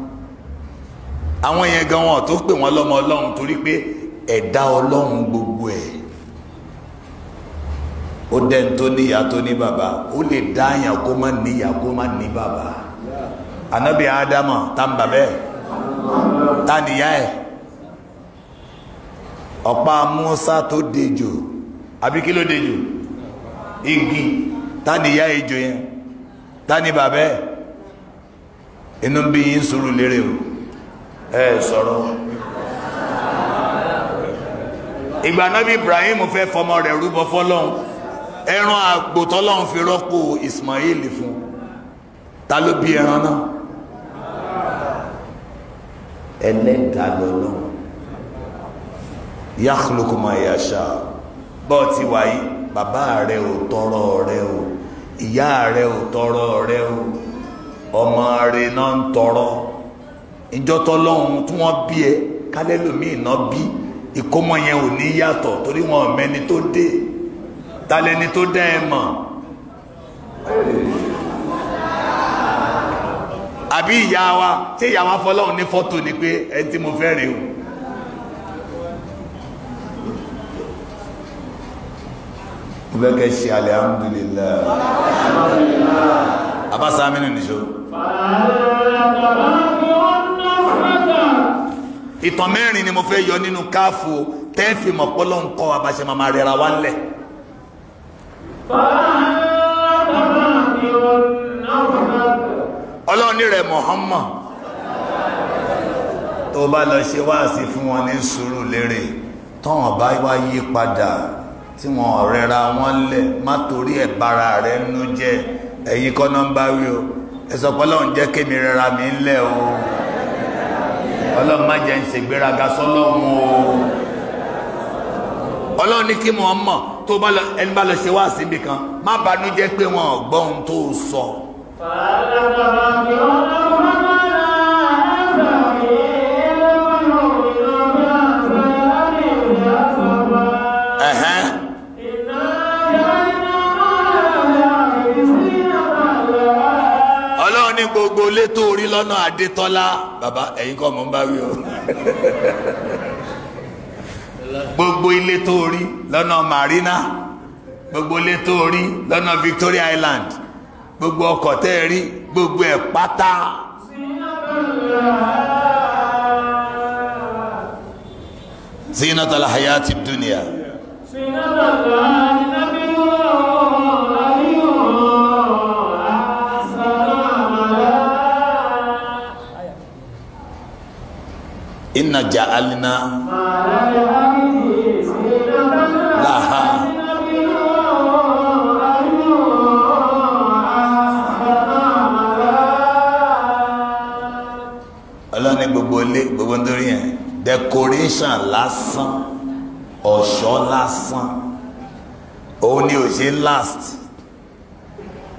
àwọn yẹn gan wọn tó pè wọ́n lọ́mọ ọlọ́run torí pé ẹ̀dá ọlọ́run gbogbo ẹ̀ ó dẹ́n tó níyà tó ní bàbá ó lè dá àyàn kó má níyà kó má ní bàbá anabi adama tá n bàbẹ́ tá níyà ẹ̀ ọ̀pá musa tó dejò àbí kí ló dejò igi tá níyà ejò yẹn tá ní bàbẹ́ inú bí yín sùúrù lérè o ẹ sọ̀rọ̀ ìgbà nábì Ibrahim fẹ́ fọmọ rẹ̀ rúbọ fọ́lọ́hun ẹran àgbò tọ́lọ́hun fi rọ́pò Ismail fún ta ló bí ẹran náà ẹlẹ́dàá lọ́lọ́hun yàkùlùkùmọ̀ ìyàṣà bọ́ọ̀tí wáyé bàbá rẹ̀ ò tọrọ rẹ̀ o ìyá rẹ̀ ò tọrọ rẹ̀ o ọmọ rẹ̀ náà ń tọrọ ìjọtọ lọ́hùn tí wọ́n bí ẹ kálẹ́ lómi iná bí ìkómọ yẹn ò ní yàtọ̀ torí wọn mẹ́ni tó dé talẹ́ni tó dá ẹ mọ̀ àbí ìyá wa tí ìyá wa fọlọ́hùn ní fọ́tò ni pé ẹ tí mo fẹ́ rèé o. mo fẹ́ kẹ́ ṣe alhamdulillah abasa aminu nìṣó. fàlàlà kàràkùn ìtàn mẹ́rin ni mo fẹ́ yọ nínú káàfù tẹ́ẹ̀fì mọ̀pọ́lọ́ ń kọ́ abàṣẹ màmá rẹ̀ ra wá lẹ̀. ọlọ́run ní rẹ̀ Muhammad tó bá lọ ṣe wáàsí fún wọn ní sùúrù lérè tọ́wọ̀n bá wá yí padà tí wọn rẹra wọn lẹ̀ má torí ẹ̀ bára rẹ̀ nú jẹ́ ẹ̀yin kọ́ nọ́mbà wí o ẹ̀sọ̀pọ̀lọ́run jẹ́ kémi rẹra mi lẹ̀ o ọlọ́run má jẹ́ ń ṣe gbéraga sọ́lọ́run o ọlọ́run ní kí wọ́n mọ̀ tó bá lọ ẹni bá lọ ṣe wá síbi kan má banújẹ́ pé wọn ò gbọ́ tó sọ. fàálà bàbá mi ọ̀la. gbogbo ilé tó rí lọ́nà Adétọ́lá bàbá ẹ̀yin kọ́ mọ̀ ń bá wí o gbogbo ilé tó lọ́nà Marina gbogbo ilé tó lọ́nà Victoria Island gbogbo ọkọ̀ tẹ́ ẹ rí gbogbo ẹ̀ pátá. zinatul hayati dunya. zinatul inna ja'alna laha ọlọ́ni gbogbo ilé gbogbo nítorí yẹn decoration lásán ọ̀ṣọ́ lásán òun ni ò ṣe last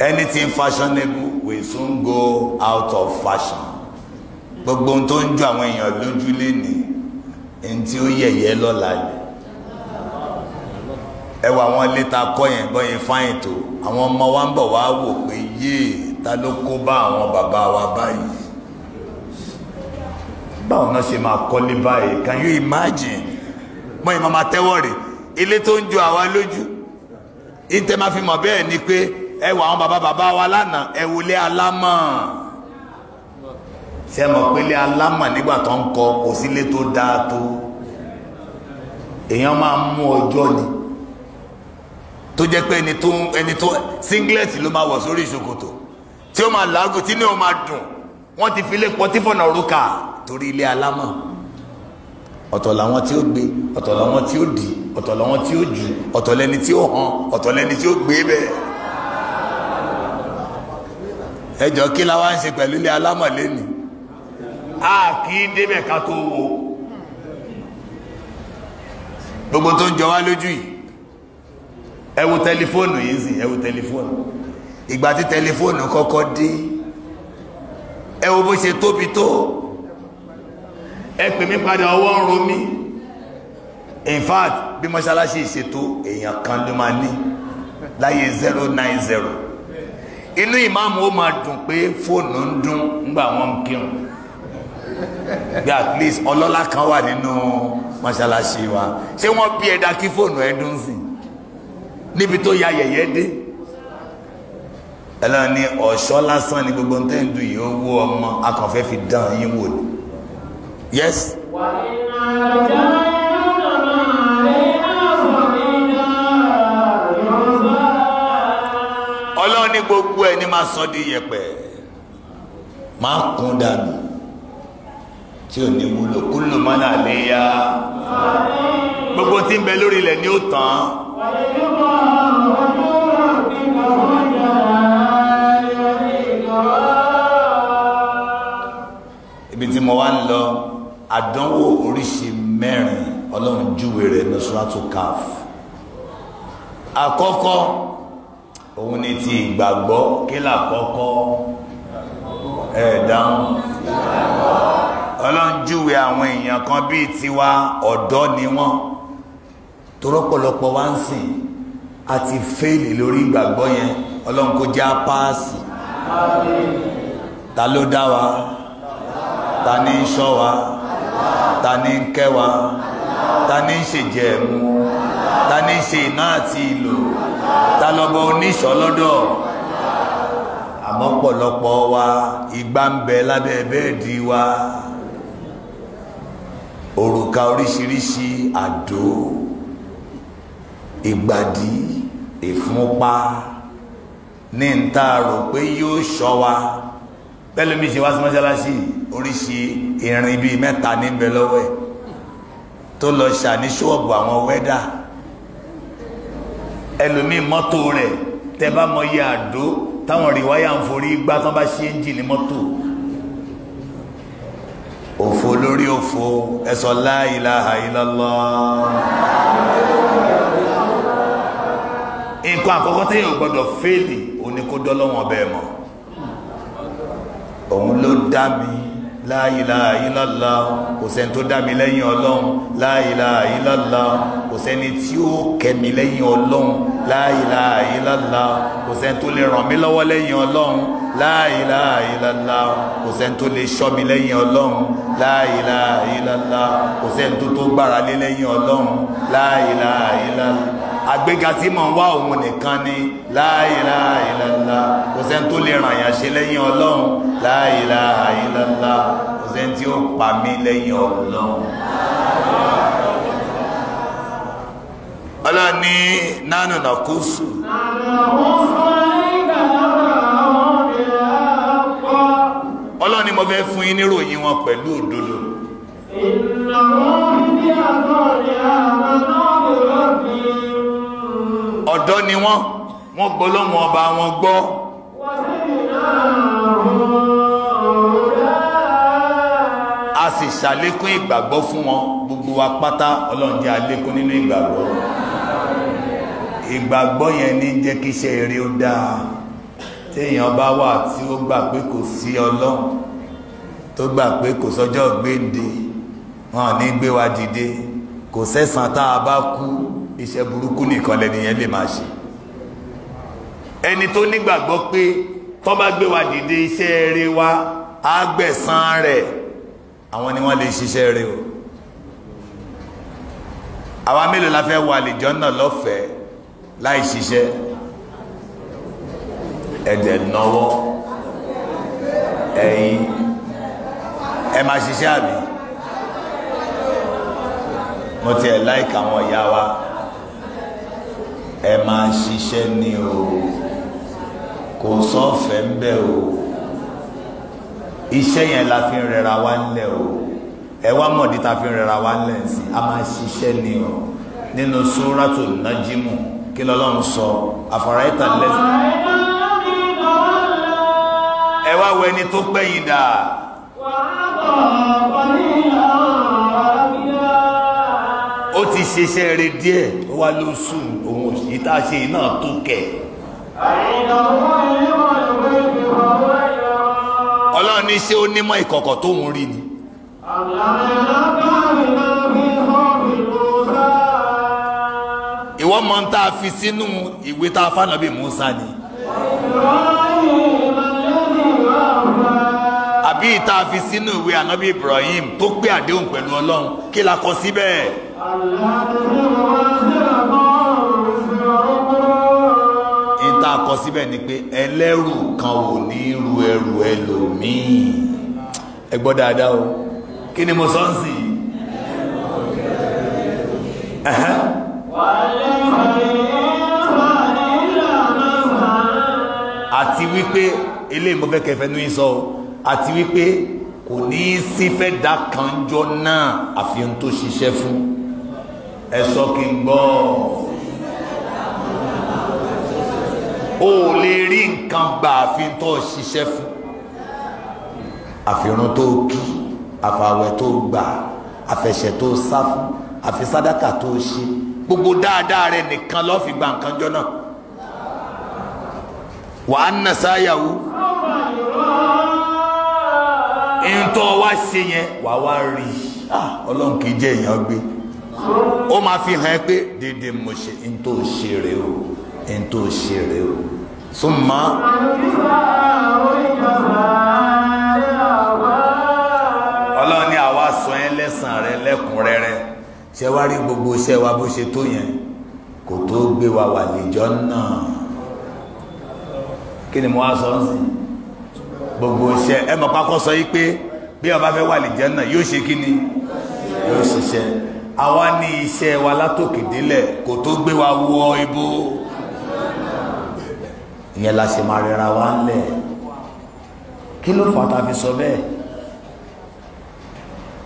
anything fashionable will soon go out of fashion gbogbo ohun tó ń ju àwọn èèyàn lójú lé ní ẹni tí ó yẹ̀yẹ́ lọ́la yìí ẹwà àwọn ilé ta kọ́ yẹn gbọ́ yẹn fáyìn tó àwọn ọmọ wa ń bọ̀ wá wò pé yéè ta ló kó bá àwọn bàbá wa báyìí báwọn náà ṣe máa kọ́lé báyìí can you imagine mọ́ ìmọ̀ máa tẹ́wọ́ rè ilé tó ń ju àwa lójú ìtẹ́ máa fi mọ̀ bẹ́ẹ̀ ni pé ẹwà àwọn bàbá bàbá wa lánàá ẹ̀wòlé alámọ̀ ṣe mọ̀ pélé alámà nígbà tó ń kọ kò sílé tó dáa tó èèyàn máa mú ọjọ́ ni tó jẹ́ pé ẹni tó ẹni tó singlet ló máa wọ̀ sórí ìṣòkòtò tí ó máa làágùn tí ní ó máa dùn wọ́n ti fi lé pọtífọ̀nà orúkà torí ilé alámà ọ̀tọ̀ làwọn tí ó gbé ọ̀tọ̀ làwọn tí ó dì ọ̀tọ̀ làwọn tí ó jù ọ̀tọ̀ lẹni tí ó hàn ọ̀tọ̀ lẹni tí ó gbé bẹ́ẹ̀ ẹjọ́ kí la wá ń ṣe pẹ̀lú ilé alámà lẹ́nìí a kì í débẹ̀ ká tó wo gbogbo tó ń jọ wá lójú yìí ẹ wo tẹlifóònù yìí sì ẹ wo tẹlifóònù ìgbà tí tẹlifóònù kọ́kọ́ dé ẹ bó ṣe tóbi tó ẹ pè padà ọwọ́ ń ro in fact bí mọ́ṣáláṣí ìṣètò èèyàn kan ló máa ní láyé zero nine zero inú ìmáàmù ó máa dùn pé fóònù ń dún nígbà wọn kírun bí at least ọlọ́lá kan wà nínú mọ́ṣáláṣí wa ṣé wọ́n bí ẹ̀dá kí fóònù ẹ sí níbi tó ya yẹ̀yẹ́ dé ẹlọ́run ni ọ̀ṣọ́ lásán ní gbogbo ń tẹ́ǹdù yìí ó wó ọmọ akànfẹ́ fi dán yín wò ni yes. wà nínú gbogbo ẹ̀ ní máa sọ di yẹ̀pẹ̀ máa kún dànù tí ò ní wúlò kúlù mọ́nà léyà gbogbo tí ń bẹ lórí ilẹ̀ ni ó tán. ibi tí mo wá ń lọ àdánwò oríṣi mẹ́rin ọlọ́run júwe rẹ̀ ní suratu kaf àkọ́kọ́ òun ni ti ìgbàgbọ́ kí làkọ́kọ́ ẹ̀ dáhùn ọlọ́run júwe àwọn èèyàn kan bíi tiwa ọ̀dọ́ ni wọ́n torọ́pọ̀lọpọ̀ wá ń sìn àti fèèlì lórí ìgbàgbọ́ yẹn ọlọ́run kó já páàsì ta ló dá wa ta ní ń ṣọ́ wa ta ní ń kẹ́ wa ta ní ń ṣèjẹ ẹ̀mú ta ní ń ṣe iná àti ìlò ta lọ́bọ oníṣọ́ lọ́dọ̀ àmọ́ wa igbá ń bẹ lábẹ́ bẹ́ẹ̀dì wa òrùka oríṣiríṣi àdó ìgbàdí ìfúnpá ní níta rò pé yóò ṣọ́ wa pẹ̀lú mi ṣe wá sí mọ́ṣáláṣí oríṣi irin bíi mẹ́ta níbẹ̀ lọ́wọ́ ẹ̀ tó lọ ṣàní ṣọ́ọ̀bù àwọn wẹ́dà ẹlòmíì mọ́tò rẹ̀ tẹ́ bá mọ iye àdó táwọn rìwáyà ń forí gbá tán bá ṣe ń jì ní mọ́tò òfo lórí òfo ẹ sọ la ilaha illallah nǹkan àkọ́kọ́ tẹ́yìn ò gbọ́dọ̀ fèèlì òní kó dọ́lọ́wọ́n bẹ́ẹ̀ mọ̀ òun ló dá mi la ilaha illallah kò sẹ́ni tó dá mi lẹ́yìn ọlọ́run la ilaha illallah kò sẹ́ni tí ó kẹ́ mi lẹ́yìn ọlọ́run la ilaha illallah kò sẹ́ni tó lè ràn mí lọ́wọ́ lẹ́yìn ọlọ́run la ilaha illallah kò sẹ́ni tó lè ṣọ́ mi lẹ́yìn ọlọ́run la ilaha illallah kò sẹ́ni tó tó gbára lé lẹ́yìn ọlọ́run la ilaha illallah àgbéga tí mọ̀ wá òun nìkan ni la ilaha illallah kò sẹ́ni tó lè ràn yàn ṣe lẹ́yìn ọlọ́run la ilaha illallah kò sẹ́ni tí ó pa mí lẹ́yìn ọlọ́run ọlọ́run ní nánú nà kúsù ọlọ́run ni mo fẹ́ fún yín níròyìn wọn pẹ̀lú òdodo ìlànà ìdí àtọ́ ìyá àtọ́ ọ̀dọ́ ni wọ́n wọ́n gbọ́ ọba wọn gbọ́ a sì ṣàlékún ìgbàgbọ́ fún wọn gbogbo wa pátá ọlọ́run jẹ́ àlékún nínú ìgbàgbọ́ ìgbàgbọ́ yẹn ní jẹ́ kí iṣẹ́ eré ó dáa téèyàn bá wà tí ó gbà pé kò sí ọlọ́run tó gbà pé kò sọ́jọ́ gbéǹde wọn ní gbé wa dìde kò sẹ́san tá a bá kú iṣẹ́ burúkú nìkan lẹni yẹn lè máa ṣe ẹni tó nígbàgbọ́ pé tó bá gbé wa dìde iṣẹ́ eré wa á gbẹ̀san rẹ̀ àwọn ni wọ́n lè ṣiṣẹ́ eré o àwa mélòó la fẹ́ wà lè jọ́nà lọ́fẹ̀ẹ́ láì ṣiṣẹ́ ẹ̀dẹ̀ náwó ẹ̀yin ẹ máa ṣiṣẹ́ àbí mo tiẹ̀ láìka àwọn ìyá wa ẹ máa ṣiṣẹ́ ni o kò sọ́ọ̀fẹ́ ń bẹ̀ o iṣẹ́ yẹn la fi ń rẹra wá ńlẹ̀ o ẹ wá mọ̀dí ta fi rẹra wá ńlẹ̀ sí a máa ṣiṣẹ́ ni o nínú súrátù nájímù kí lọ́lọ́run sọ àfàrà ìtàlẹ́sì ẹ wá wo ẹni tó pẹ̀yìn dà ó ti ṣiṣẹ́ rẹ̀ díẹ̀ ó wá lóṣù tá a ṣe yìí náà tó kẹ̀. ọlọ́run ṣé ó nímọ̀ ìkọ̀kọ̀ tó ń rí ni. ìwọ mọ̀ ń fi sínú ìwé tá a fànàbí Musa ni. àbí tá fi sínú ìwé ànábì Ibrahim tó gbé àdéhùn pẹ̀lú ọlọ́run kí la kọ síbẹ̀. Allah tá a kọ síbẹ̀ ni pé ẹlẹ́rù kan ò ní ru ẹrù ẹlòmíì ẹ gbọ́ dáadáa o kí ni mo sọ ń sì yìí. àti wípé eléyìí mo fẹ́ kẹfẹ́ ní sọ àti wípé kò ní í sí fẹ́ dá kanjọ náà àfihàn tó ṣiṣẹ́ fún ẹ sọ kí n gbọ́ ọ. o ò lè rí nǹkan gbà àfi tó ṣiṣẹ́ fún àfihàn tó kí àfàwẹ̀ tó gbà àfẹsẹ̀ tó sá fún àfisádàkà tó ṣe gbogbo dáadáa rẹ nìkan lọ́ọ́ fi gba nǹkan jọ náà wàá nà sáyàwó ntọ́ wa ṣe yẹn wàá wá rí i ọlọ́run kì í jẹ́ èèyàn gbé ó máa fi hàn ẹ́ pé dédé mo ṣe ntọ́ ṣe rèé o ntọ́ ṣe rèé o súnmọ́. ọlọ́run ní àwa sọ yẹn lẹ́sàn-án rẹ lẹ́kùnrẹ́rẹ́ ṣe wá rí gbogbo iṣẹ́ wa bó ṣe tó yẹn kò tó gbé wa wà lẹ́jọ́ náà kí ni mo wá sọ ń sìn gbogbo iṣẹ́ ẹ mọ̀ pákọ́ sọ yí pé bí ó fẹ́ wà lẹ́jọ́ náà yóò ṣe kí ni yóò ṣiṣẹ́ àwa ní iṣẹ́ wa látòkè délẹ̀ kò tó gbé wa wọ ibo ìyẹn la ṣe máa rẹra wá ńlẹ̀ kí ló fà tá a fi sọ bẹ́ẹ̀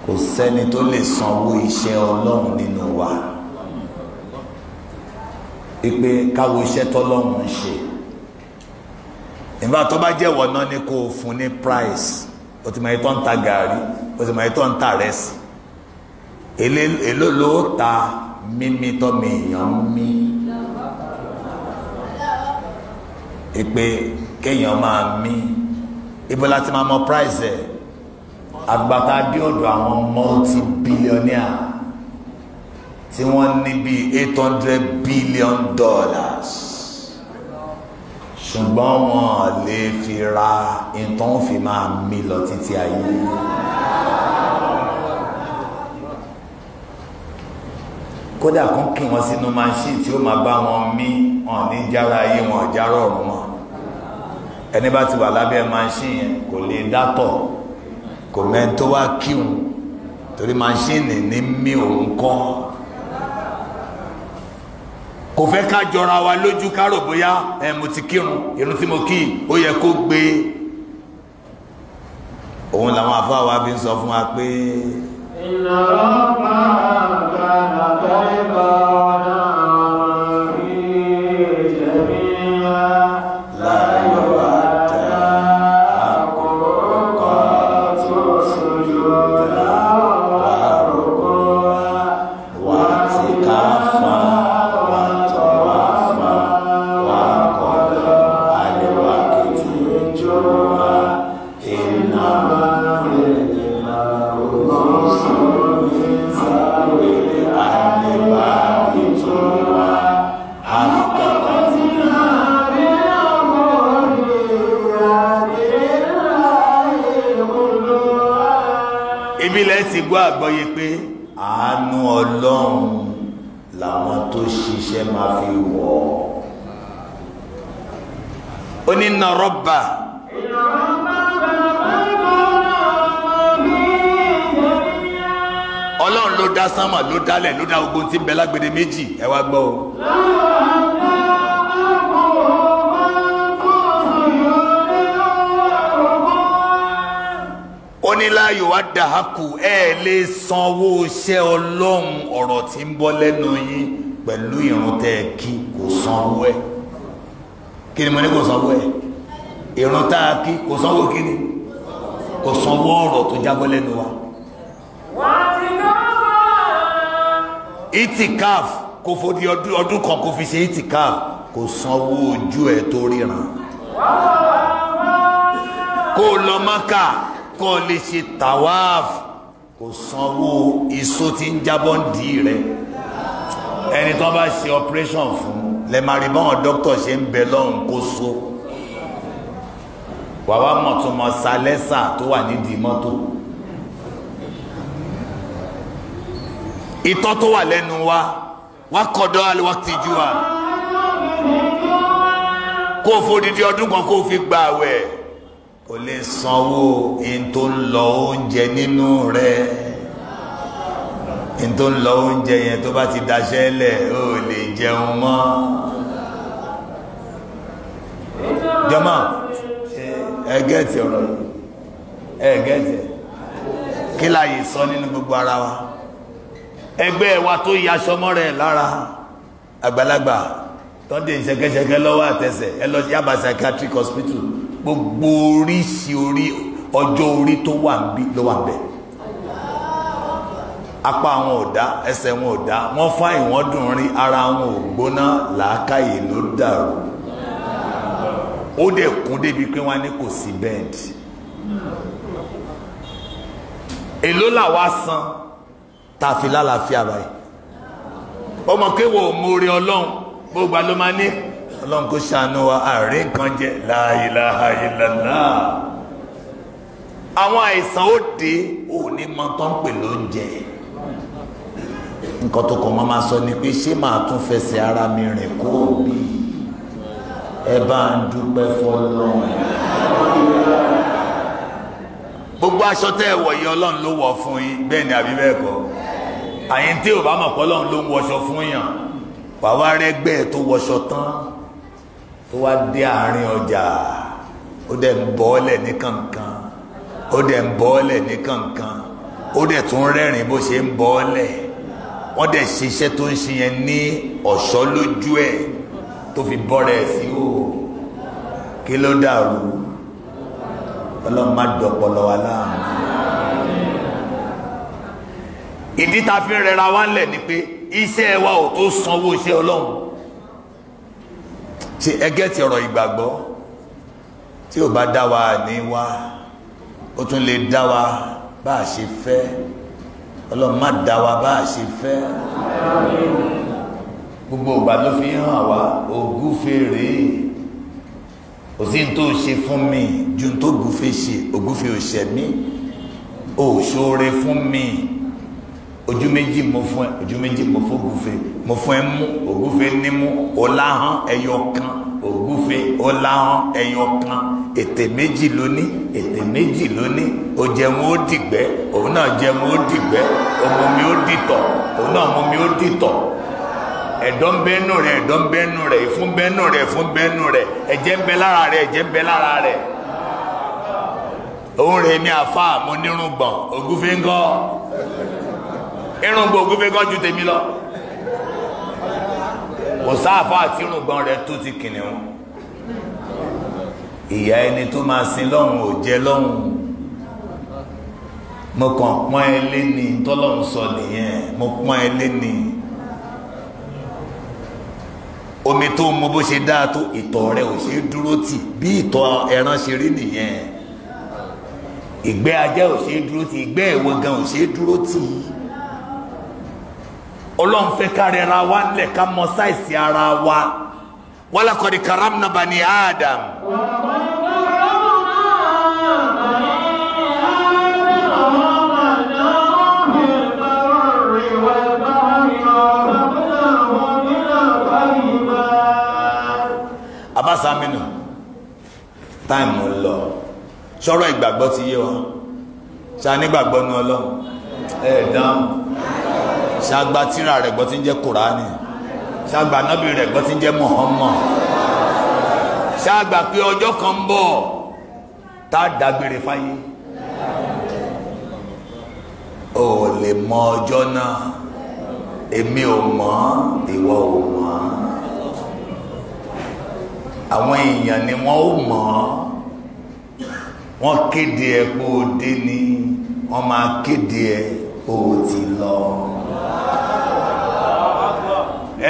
kò sẹ́ni tó lè sanwó iṣẹ́ ọlọ́run nínú wa ipe káwo iṣẹ́ tọ́lọ́run ń ṣe ìgbà tó bá jẹ́ wọ̀nà ni kò fún ní price o ti mọ èyí tó ń ta gàrí o ti mọ èyí tó ń ta rẹsì èló ló ta mímí tọ́ mi èèyàn ń mí. ìpè kéèyàn máa mí ibo láti máa mọ price ẹ̀ àgbàtà dé ọ̀dọ̀ àwọn multi billionaire tí wọ́n ní bíi eight hundred billion dollars ṣùgbọ́n wọn lè fi ra nǹkan fi máa mí lọ títí ayé. kódà kan kí wọn sínú machine tí ó máa bá wọn mí wọn ní jára ayé wọn járọ ọrùn wọn ẹni bá ti wà lábẹ́ machine yẹn kò lè dátọ̀ kò mẹ́ni tó wá kíhun torí machine ní mí òun kọ́ kò fẹ́ ká jọra wa lójú kárò bóyá ẹ mo ti kírun irun tí mo kí ó yẹ kó gbé òun làwọn afáwa fi ń sọ fún wa pé. إن ربك كان كيف ونعم ti gbọ́ àgbọ́yé pé àánú ọlọ́run làwọn tó ṣiṣẹ́ máa fi wọ̀ ọ́ ó ní na rọ́bà. ọlọ́run ló dá sánmà ló dálẹ̀ ló dá ogun tí ń bẹ méjì ẹ wá gbọ́ o. ní láàyò wá dàákù ẹ lè sanwó iṣẹ́ ọlọ́run ọ̀rọ̀ tí ń bọ́ lẹ́nu yín pẹ̀lú ìrun tẹ́ ẹ kí kò sanwó ẹ kí ni mo ní kò sanwó ẹ ìrun tá a kí kò sanwó kí ni kò sanwó ọ̀rọ̀ tó jábọ́ lẹ́nu wa. itikaf kò fòdì ọdún kan kò fi ṣe itikaf kò sanwó ojú ẹ tó ríran. kó lọ mọ́kà kọ́ lè ṣe tawaf kò sanwó iṣó tí ń jábọ́ ń dì rẹ̀ ẹni tó bá ṣe operation fún lẹ máa rí báwọn dókítà ṣe ń bẹ lọ́hùn kó so wàá mọ̀túnmọ̀ sálẹ́sà tó wà nídìí mọ́tò ìtọ́ tó wà lẹ́nu wa wá kọ́dọ̀ àlùwàtí jù wa kó o fò dídí ọdún kan kó o fi gba àwẹ̀ kò lè sanwó in tó ń lọ oúnjẹ nínú rẹ̀ in tó ń lọ oúnjẹ yẹn tó bá ti daṣẹ́ lẹ̀ ó lè jẹun mọ́ jọmọ́ ẹgẹ́tì ọ̀rọ̀ ẹgẹ́tì kí láyé sọ nínú gbogbo ara wa ẹgbẹ́ wa tó yí aṣọ mọ́ rẹ̀ lára àgbàlagbà tọ́ndé ìṣẹ́kẹ́ṣẹ́kẹ́ lọ́wọ́ àtẹsẹ̀ ẹ lọ sí Yaba psychiatric hospital gbogbo oríṣi orí ọjọ́ orí tó wà ń bí ló wà ń bẹ̀ apá wọn ò dá ẹsẹ̀ wọn ò dá wọ́n fá ìwọ́n dùn rí ara wọn ò gbóná làákàyè ló dàrú ó dẹ̀ kún débi pé wọ́n á ní kò sí bẹ́ẹ̀dì èló làwa san tàfi lálàáfíà báyìí ọmọ kéwòn ò mórí ọlọ́run gbogbo àlọ́ máa ní ọlọ́run kó ṣàánú wa ààrẹ kan jẹ́ la ilaha illallah àwọn àìsàn ó dé mọ tó ń pè lóúnjẹ nǹkan tó kàn máa sọ ni pé ṣé màá tún fẹsẹ̀ ara mi rìn kó bí ẹ bá ń dúpẹ́ fọlọ́run gbogbo aṣọ tẹ́ ẹ wọ̀ yìí ọlọ́run ló wọ̀ fún yín bẹ́ẹ̀ ni àbí bẹ́ẹ̀ kọ́ àyín tí ò bá mọ̀ pé ọlọ́run ló ń wọṣọ fún yàn wàá wá rẹ́gbẹ́ tó wọṣọ tán tó wá dé àárín ọjà ó dẹ̀ ń bọ́ọ̀lẹ̀ ní kankan ó dẹ̀ ń bọ́ọ̀lẹ̀ ní kankan ó dẹ̀ tún rẹ́rìn bó ṣe ń bọ́ọ̀lẹ̀ wọ́n dẹ̀ ṣiṣẹ́ tó ń ṣe yẹn ní ọ̀ṣọ́ lójú ẹ̀ tó fi bọ́rẹ̀ sí o kí ló dàrú ọlọ́run má dọ̀pọ̀lọ́ wa láàmú. ìdí tá fi rẹra wá ni pé iṣẹ́ wa ò tó sanwó iṣẹ́ ọlọ́run tí ẹgẹ́ ti ọ̀rọ̀ ìgbàgbọ́ tí ò bá dá wa ní wá ó tún lè dá wa bá a ṣe fẹ́ ọlọ́run má dá wa bá a ṣe fẹ́ gbogbo ìgbà ló fi hàn wá ògúfe rèé ò sí tó ṣe fún mi ju tó gúfe ṣe ògúfe ò ṣẹ̀mí òṣòre fún mi ojú méjì mo fún ẹ ojú méjì mo fún ògúfe mo fún ẹ mú ògúfe nímú ọláhán ẹyọ kan ògúfe ọláhán ẹyọ kan ètè méjì lónìí ètè méjì lónìí ó jẹun ó dìgbẹ́ òun náà jẹun ó dìgbẹ́ ọmọ mi ó dìtọ̀ òun náà ọmọ mi ó dìtọ̀ ẹ̀dọ̀ ń bẹ́nu rẹ̀ ẹ̀dọ̀ ń bẹ́nu rẹ̀ ìfún bẹ́nu rẹ̀ ìfún bẹ́nu rẹ̀ ẹ̀jẹ̀ ń bẹ lára rẹ̀ ẹ̀jẹ̀ ń bẹ lára rẹ̀ òun rèé mi àfa mo nírun gbọ̀n ń gọ́ irun gbogbo fẹ́ kọ́ ju tèmi lọ kò sáàfà tí irun gbọ́n rẹ̀ tó ti kìnìún ìyá ẹni tó máa sin lọ́hùn ò jẹ lọ́hùn mo kàn pọ́n ẹ lé ní tọ́lọ́hùn sọ nìyẹn mo pọ́n ẹ lé ní omi tó mọ bó ṣe dáa tó ìtọ̀ rẹ̀ ò ṣe dúró tì bí ìtọ̀ ẹran ṣe rí nìyẹn ìgbẹ́ ajá ò ṣe dúró tì ìgbẹ́ ẹ̀wọ̀ gan ò ṣe dúró tì í ọlọ́run fẹ́ kárí ara wa ńlẹ̀ ká mọ sáìsì ara wa walaqad karamna bani Adam. abasa aminu táìmù lọ sọ̀rọ̀ ìgbàgbọ́ ti yé wa ṣá nígbàgbọ́ ní ọlọ́run ẹ̀ dáhùn ṣàgbà tírà rẹ̀ gbọ́ tí ń jẹ́ kùránì ṣàgbà nábì rẹ̀ gbọ́ tí ń jẹ́ Muhammad ṣàgbà pé ọjọ́ kan ń bọ̀ tá a dágbére fáyé ò lè mọ ọjọ́ náà èmi ò mọ̀ ìwọ ò mọ̀ àwọn èèyàn ni wọ́n ò mọ̀ wọ́n kéde ẹ̀ pé ó dé ni wọ́n máa kéde ẹ̀ pé ó ti lọ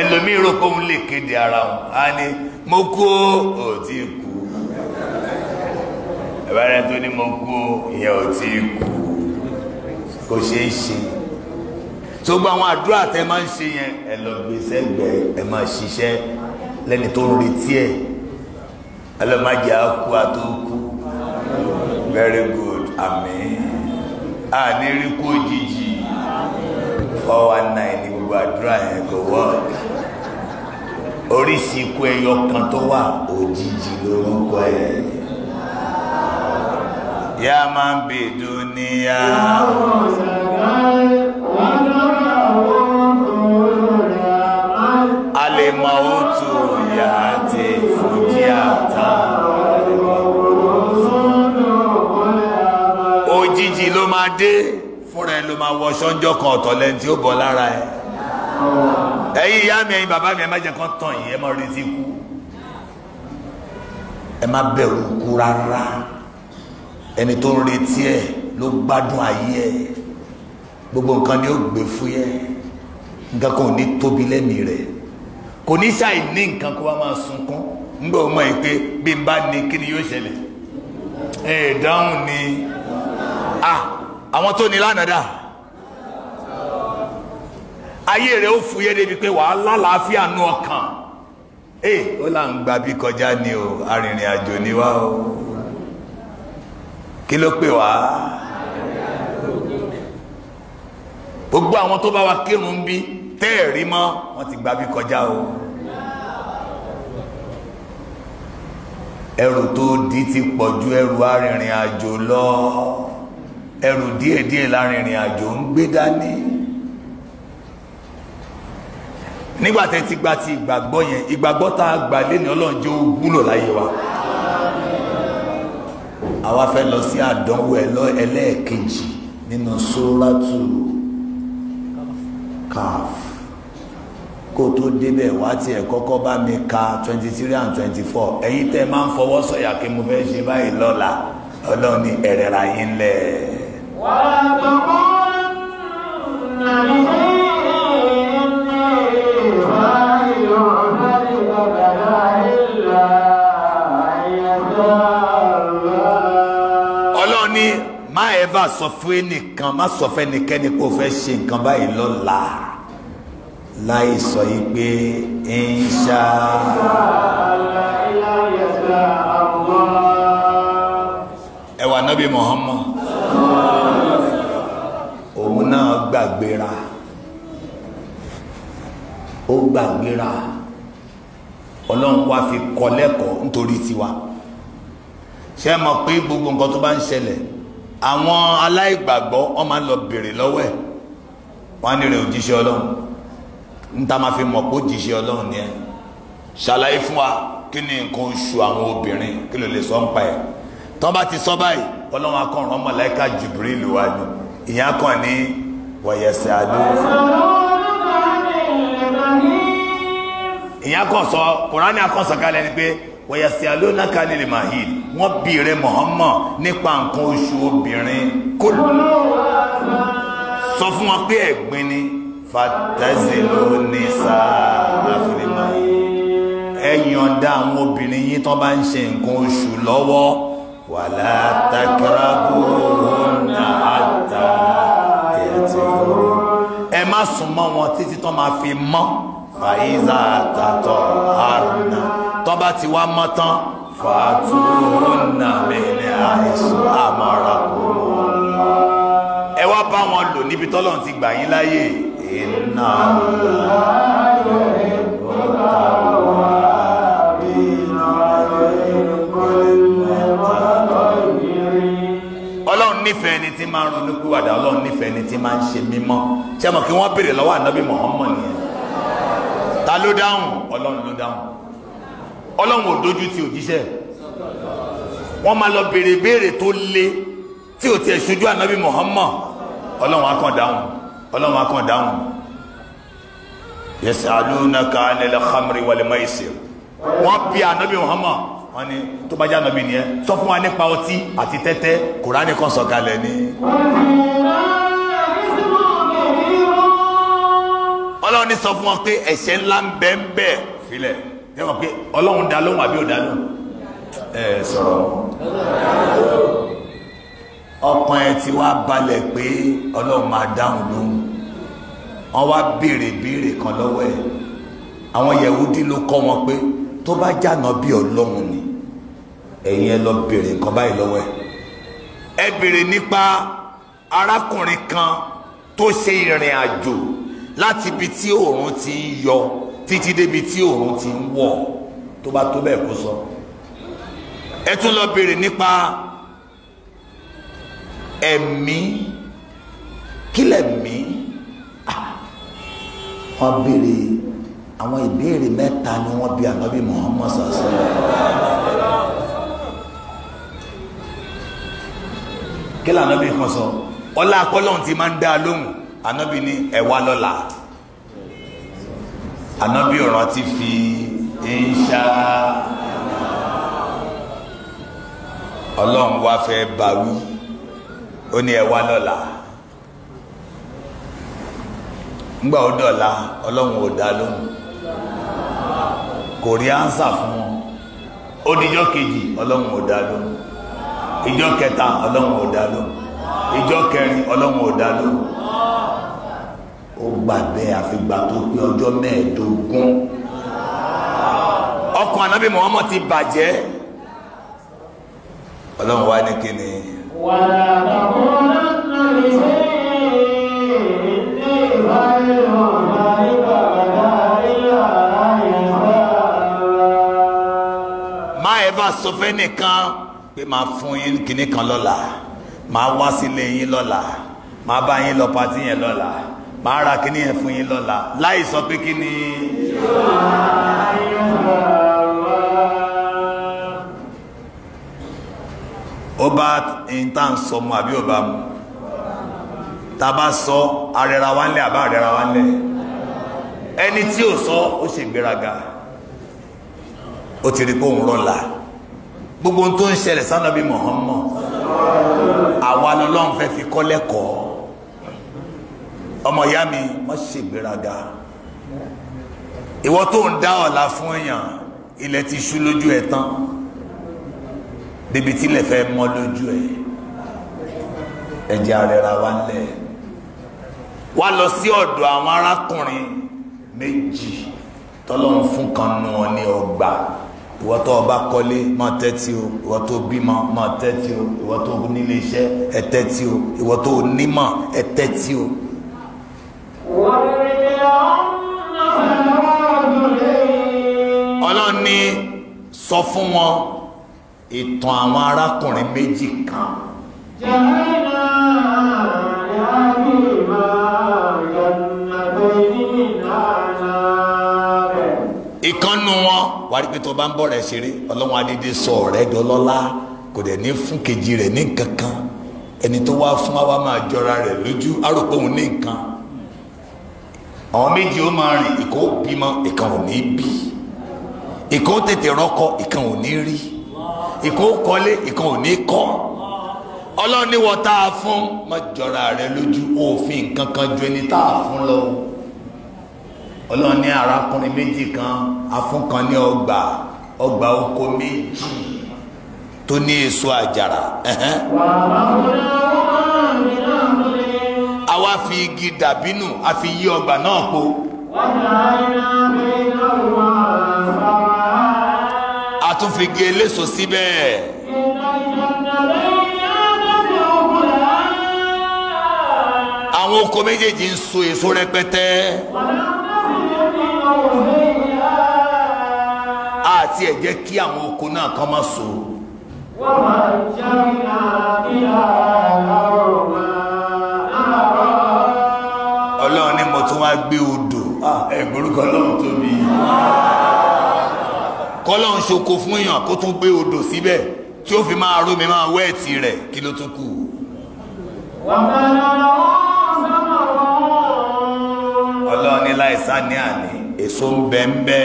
ẹlòmíì rò kóun lè kéde ara wọn á ní mo kú ò tí kú ẹ̀bẹ̀rẹ̀ tó ní mo kú ìyẹn ò tí kú kò ṣe é ṣe tó gba àwọn àdúrà tẹ máa ń ṣe yẹn ẹ lọ gbèsè gbẹ ẹ máa ṣiṣẹ́ lẹ́ni tó ń retí ẹ̀ ẹlọ́màjì àkú àtókù very good àmín àníríkú òjijì 419 gbàdúrà yẹn kò wọ́ọ̀kì oríṣi ẹyọ kan tó wà òjijì lórúkọ ẹ̀ yá máa ń bè dúníyà. alẹ́mọ̀ ojiji ló máa dé fúnra ẹ ló kan ọtọ lẹ́ni tí ó bọ̀ lára ẹ̀yin ìyá mi ẹ̀yin bàbá mi ẹ má jẹ́ kán tàn yín ẹ má retí ikú ẹ má bẹ̀rù ikú rárá ẹni tó ń retí ẹ ló gbádùn ayé ẹ gbogbo nǹkan ni ó gbé fúyẹ́ nǹkan kan ò ní tóbi lẹ́mìí rẹ̀ kò ní ṣàì ní nǹkan kó wá máa sunkún nígbà ó mọ̀ ẹ́ pé bí n bá ní kí ni yóò ṣẹlẹ̀ ẹ̀ dáhùn ni ah, àwọn tó ní lánàá dáa ayé rẹ̀ ó fúyẹ́ débi pé wàá lálàáfíà nú ọkàn ee eh, ó là ń gba bí kọjá ni o arìnrìn àjò ni wá o kí ló pè wá gbogbo àwọn tó bá wa kírun ń bí tẹ́ẹ̀rí mọ́ wọ́n ti gba bí kọjá o ẹrù tó di ti pọ̀ ju ẹrù arìnrìn àjò lọ ẹrù díẹ̀díẹ̀ lárìnrìn àjò ń gbé dání nígbà tẹ́ ti gba ti ìgbàgbọ́ yẹn ìgbàgbọ́ tá a gbà lẹ́nu ọlọ́run jẹ́ wúlò láyé wa àwa fẹ́ lọ sí àdánwò ẹlẹ́ẹ̀kejì nínú sóràtù kaf kó tó débẹ̀ wá tiẹ̀ kọ́kọ́ bá mi ka twenty three and twenty four ẹ̀yin tẹ́ máa ń fọwọ́ sọ̀yà kí mo fẹ́ ṣe báyìí lọ́la ọlọ́run ní ẹ̀rẹ̀ra yín lẹ̀. wàá tọ́kọ́ nàìjíríà. ever sọ fún ẹnìkan má sọ fún ẹnikẹ́ni kó fẹ́ ṣe nǹkan báyìí lọ́la láì sọ yìí pé insha Allah ẹwà nábì Muhammad òun náà gbàgbéra ó gbàgbéra ọlọ́run wá fi kọ́ lẹ́kọ̀ọ́ nítorí tiwa ṣé ẹ mọ̀ pé gbogbo nǹkan tó bá ń ṣẹlẹ̀ àwọn aláìgbàgbọ́ wọ́n máa ń lọ bèrè lọ́wọ́ ẹ̀ wọ́n á ní rẹ̀ òjíṣẹ́ ọlọ́run níta máa fi mọ̀ pé òjíṣẹ́ ọlọ́run ni ẹ̀ ṣàlàyé fún wa kí ni nǹkan oṣù àwọn obìnrin kí ló lè sọ ń pa ẹ̀ tọ́ bá ti sọ báyìí ọlọ́run akọ̀ràn ọmọ láìka Jibril wa ni ìyá kan ní wọ̀yẹ̀sẹ̀ àdó. ìyá kan sọ Kùránì akọ̀sọ̀kalẹ̀ ni pé wọ̀yàsíàló náà ká lè mahid wọ́n bèèrè Muhammad nípa nǹkan oṣù obìnrin kò sọ fún wọn pé ẹ̀gbin ni fatazilo nisa afirima ẹ yọ̀ǹda àwọn obìnrin yín tó bá ń ṣe nǹkan oṣù lọ́wọ́ wàlá takirabu nahata ẹ̀tì ẹ má sùn mọ́ wọn títí tó máa fi mọ́ fàyíza tàtọ̀ àrùn náà tọ́ba ti wá mọ́ tán. fàtúnà mẹ́lẹ̀ àìsàn àmàrà kò ẹ wá bá wọn lò níbi tọ́lọ́run ti gbà yín láyè. iná láyé tó ta wá bí iná láyé kó lè mọ́ ọlọ́run nífẹ̀ẹ́ ni tí máa ń ronú pìwàdà ọlọ́run nífẹ̀ẹ́ ni tí máa ń ṣe mímọ́ ṣé mo kí wọ́n béèrè lọ́wọ́ ànábì Muhammad nìyẹn ta ló dáhùn ọlọ́run ló dáhùn ọlọ́run ò dojú ti òjíṣẹ́ wọ́n máa lọ béèrè béèrè tó le tí ò tiẹ̀ ṣojú ànábì Muhammad ọlọ́run á kàn dáhùn ọlọ́run á kàn dáhùn yasalunaka anil khamri wal maisir wọ́n bi ànábì Muhammad wọ́n ní tó bá jẹ́ ànábì nìyẹn sọ fún wa nípa ọtí àti tẹ́tẹ́ kùránì kan sọ̀kalẹ̀ ni. ọlọ́run ní sọ fún wọn pé ẹ̀ṣẹ̀ ńlá ń bẹ ń bẹ filẹ̀ yẹ́wọ̀n pé ọlọ́run dá lóhùn àbí òdá lóhùn ẹ̀ sọ̀rọ̀ ọkàn ẹ̀ ti wá balẹ̀ pé ọlọ́run máa dáhùn lóhùn wọ́n wá béèrè béèrè kan lọ́wọ́ ẹ̀ àwọn yẹ̀wúdí ló kọ́ wọn pé tó bá jànà bí ọlọ́run ni ẹ̀yin ẹ lọ béèrè nǹkan báyìí lọ́wọ́ ẹ̀ ẹ béèrè nípa arákùnrin kan tó ṣe ìrìn àjò láti ibi tí oòrùn ti ń yọ títí débi tí òòrùn ti ń wọ̀ tó bá tó bẹ́ẹ̀ kó sọ ẹ tún lọ béèrè nípa ẹ̀mí kílẹ̀ mí wọ́n béèrè àwọn ìbéèrè mẹ́ta ni wọ́n bi ànábì Muhammad sàṣẹ. kílẹ̀ ànábì kan sọ ọlá akọ́lọ́hún ti máa ń dá a lóhùn ànábì ní ẹ̀wà lọ́la. anabi ọ̀rọ̀ ati fi ń ṣá ọlọ́run wá fẹ́ bawí ó ní ẹ wá lọ́la ngbà ó dọla, ọlọ́run ò dá lóhùn kò rí ánsà fún wọn ó dijọ́ kejì ọlọ́run ò dá lóhùn ìjọ́ kẹta ọlọ́run ò dá lóhùn ìjọ́ kẹrin ọlọ́run ò dá lóhùn. ó gbà bẹ́ẹ̀ àfìgbà tó pé ọjọ́ mẹ́ẹ̀ẹ́dógún ọkàn anábì Muhammad ti bàjẹ́ ọlọ́run wá ní kíni. wàlá àbọ̀ lọ́nà ìwé ilé ìwáyé ọ̀nà ìgbà bàdá ilé àlàyé ọ̀nà. má ẹ bá sọ fẹ́ nìkan pé màá fún yín kinní kan lọ́la màá wá sílé yín lọ́la màá bá yín lọ patí yẹn lọ́la máa ra kíní yẹn fún yín lọ́la láì sọ pé kí ni. ó bá nǹkan sọ mu àbí ó bá mu tá a bá sọ arẹra wa ńlẹ̀ àbá arẹra wa ńlẹ̀ ẹni tí ò sọ ó ṣègbéraga ó ti rí pé òun rọ̀la gbogbo ohun tó ń ṣẹlẹ̀ sanabi Muhammad àwa lọ́lọ́run fẹ́ fi kọ́ lẹ́kọ̀ọ́ ọmọ ìyá mi má ṣe ìgbéraga ìwọ tó ń dá ọ̀la fún èèyàn ilẹ̀ ti ṣú lójú ẹ̀ tán débi tí ilẹ̀ fẹ́ mọ́ lójú ẹ̀ ẹ̀jẹ̀ àrẹ̀ra wa ń lẹ̀ wá lọ sí ọ̀dọ̀ àwọn arákùnrin méjì tọ́lọ́run fún kan nù ọ ní ọgbà ìwọ tó bá kọ́lé máa tẹ́tí o ìwọ tó bímọ máa tẹ́tí o ìwọ tó nílé iṣẹ́ ẹ tẹ́tí o ìwọ tó nímọ̀ ẹ tẹ́tí o ọlọ́run ní sọ fún wọn ìtàn àwọn arákùnrin méjì kan ìkànnù wọn wà rí pé tó bá ń bọ̀ rẹ̀ ṣeré ọlọ́run adédè sọ ọ̀rẹ́ dọlọ́lá kò dẹ̀ ní fún kejì rẹ̀ ní nǹkan kan ẹni tó wá fún wa máa jọra rẹ̀ lójú àròpọ̀ òun ní nǹkan àwọn méjì ó máa rìn ìkó bímọ ìkan ò ní bí ìkó tètè rọkọ ìkan ò ní rí ìkó kọ́lé ìkan ò ní kọ́ ọlọ́run ní wọ́n tá a fún má jọra rẹ lójú òfin nǹkan kan ju ẹni tá a fún lọ ọlọ́run arákùnrin méjì kan afúnkan ní ọgbà ọgbà oko méjì tó ní èso àjàrà. wàhálà ọ̀rẹ́ ọ̀rẹ́ mi àwa fi igi dàbínù a fi yí ọgbà náà po. a tún fi igi eléso síbẹ̀. àwọn oko méjèèjì ń so èso rẹpẹtẹ. àti ẹ̀ jẹ́ kí àwọn oko náà kàn máa so. wọ́n máa jáde náà bí ọ̀rọ̀ náà. gbé odò ẹ̀gbórúkọ lọ́run tóbi kọ́lọ́run ṣoko fún èèyàn kó tún gbé odò síbẹ̀ tí ó fi máa rómi máa wẹ́ẹ̀tì rẹ̀ kí ló tún kù. ọlọ́run ní láìsá ní àní èso ń bẹ ń bẹ.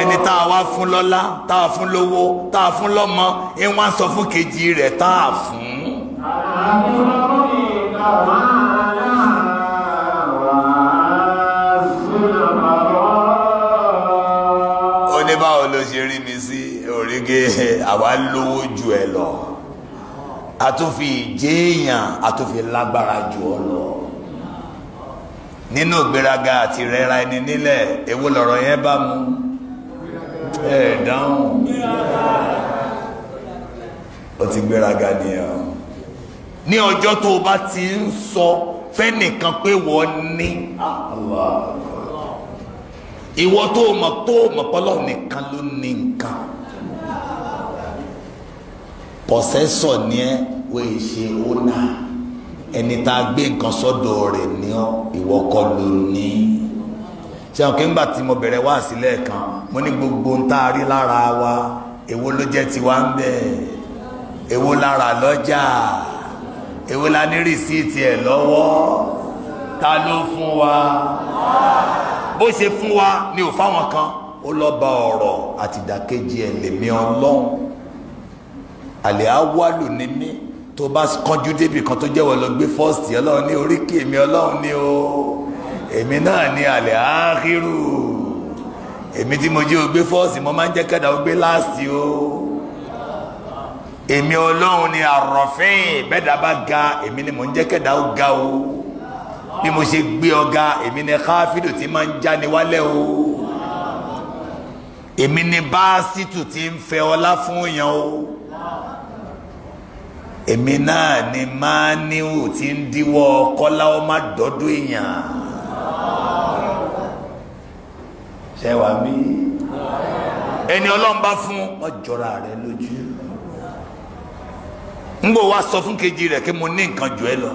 ẹni tá a wá fún lọ́lá tá a fún lówó tá a fún lọ́mọ ń sọ fún kejì rẹ̀ tá a fún oníbàwọ̀ ló ṣe rí mi sí òrígé àwa lówó ju ẹ lọ àtúnfi ìjéèyàn àtúnfi lágbára ju ọ lọ nínú ìgbéraga àti ìrẹra ẹni nílẹ̀ èwo lọ̀rọ̀ yẹn bá mu ẹ dáhùn ó ti gbéraga nìyẹn ní ọjọ́ tó o bá ti ń sọ fẹ́nìkan pé wọ́n ní ìwọ tó o mọ̀ tó o mọ̀ pọ́lọ́ nìkan ló ní nǹkan pọ̀sẹ́sọ̀ ni ẹ́ wọ́n e ṣe ọ̀nà ẹni tá a gbé nǹkan sọ́dọ̀ rẹ̀ ní ìwọ kọ́ ló ní ṣe àwọn kéńgbà tí mo bẹ̀rẹ̀ wá sílẹ̀ kan mo ní gbogbo ń tá a rí lára wa èwo ló jẹ́ tiwa ń bẹ̀ èwo lára lọ́jà. Ja èwo la ní rìsíìtì ẹ̀ lọ́wọ́ ta ló fún wa bó ṣe fún wa ni ò fáwọn kan ó lọ bá ọ̀rọ̀ àtìdàkejì ẹ̀ lèmi ọlọ́run àlè awálò ni mí tó bá kánjú débi kan tó jẹ́wọ́ lọ gbé fọ́ọ̀sì ọlọ́run ní oríkì èmi ọlọ́run ní o èmi náà ní àlè áhírù èmi tí mo jẹ́ ògbé fọ́ọ̀sì mo máa ń jẹ́ kẹ́dà ògbé láàsì o èmi ọlọ́run ni àròfin bẹ́ẹ̀dá bá ga èmi ni mò ń jẹ́ kẹ́dá ó ga o bí mo ṣe gbé ọ ga èmi ni káfídò tí máa ń já ni wálẹ̀ o èmi ni báásítù tí ń fẹ́ ọlá fún yàn o èmi náà ni máníwù tí ń díwọ́ kọ́lá má dọ́dún èèyàn ṣẹ́wàá mi ẹni ọlọ́run bá fún ọjọ́ra rẹ lójú n bò wá sọ fún kejì rẹ kí mo ní nǹkan jù ẹ lọ.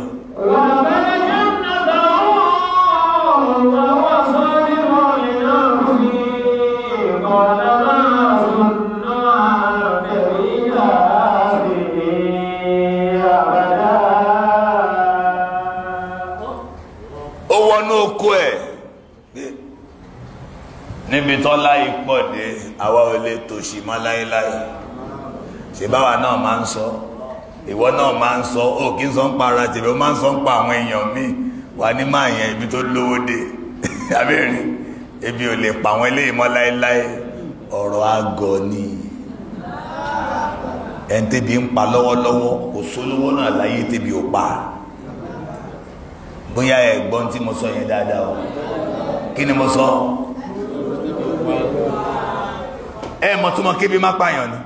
ó wọnú oko ẹ níbi tó láyé pọ̀ dé àwa ò lè tòṣì mọ́ láéláé ṣèbáwa náà máa ń sọ. So ìwọ náà máa ń sọ ó kí n sọ ń pa ara tèmi ó máa ń sọ ń pa àwọn èèyàn míì wà ní máa yẹn ibi tó lówó dé abẹ́rẹ́ *laughs* ebi ò lè pa àwọn eléyìí mọ́ láéláé ọ̀rọ̀ àgọ́ ni ẹni tẹ́bi ń pa lọ́wọ́lọ́wọ́ kò sólówó náà láyé tẹ́bi ò pa bóyá ẹ̀gbọ́n tí mo sọ yẹn dáadáa o kí ni mo sọ ẹ mọ̀ tó mọ̀ kébi má pààyàn ni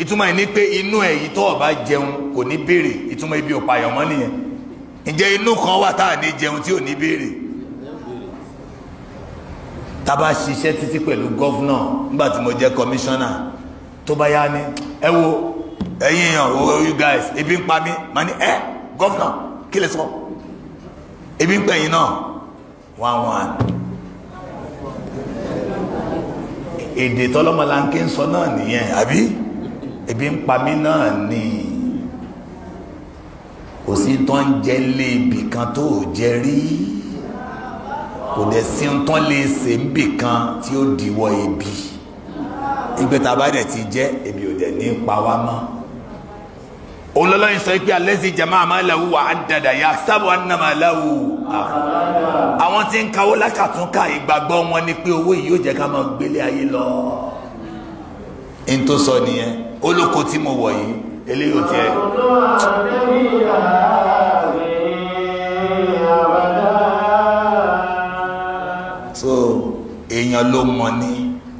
ìtumọ̀ ẹ̀ ní pé inú ẹ̀ yìí tó ọba jẹun kò ní béèrè ìtumọ̀ ibi òpàyàn mọ́ nìyẹn ǹjẹ́ inú kan wà tá à ní jẹun tí ò ní béèrè tába ṣiṣẹ́ títí pẹ̀lú gọ́fúnà nígbà tí mo jẹ́ kọmíṣánná tó bá yá ni ẹ wo ẹ̀yin èèyàn wo you guys ebi ń pa mí màá ní ẹ gọ́fúnà kí lè sọ ebi ń pẹ̀yìn náà wọ́n wọ́n èdè tọ́lọ́mọláńké ń sọ náà nìyẹn àbí ebi ń náà ni kò sí tán jẹ́ lé ibì kan tó jẹ rí kò dẹ̀ sí tán lè ṣe ń kan tí ó diwọ́ ebi ìgbẹ́ tá bá dẹ̀ ti jẹ́ ebi ò dẹ̀ ní pa wá mọ́ olólọ́yìn sọ pé alẹ́sì jama amáláwù wà á ya sábà anamaláwù àwọn tí ń kawó lákàtúnkà ìgbàgbọ́ wọn ni pé owó yìí yóò jẹ́ ká máa gbélé ayé lọ. n nìyẹn olóko tí mo wọ̀ yìí eléyìí ò tiẹ̀. so èèyàn ló mọ ní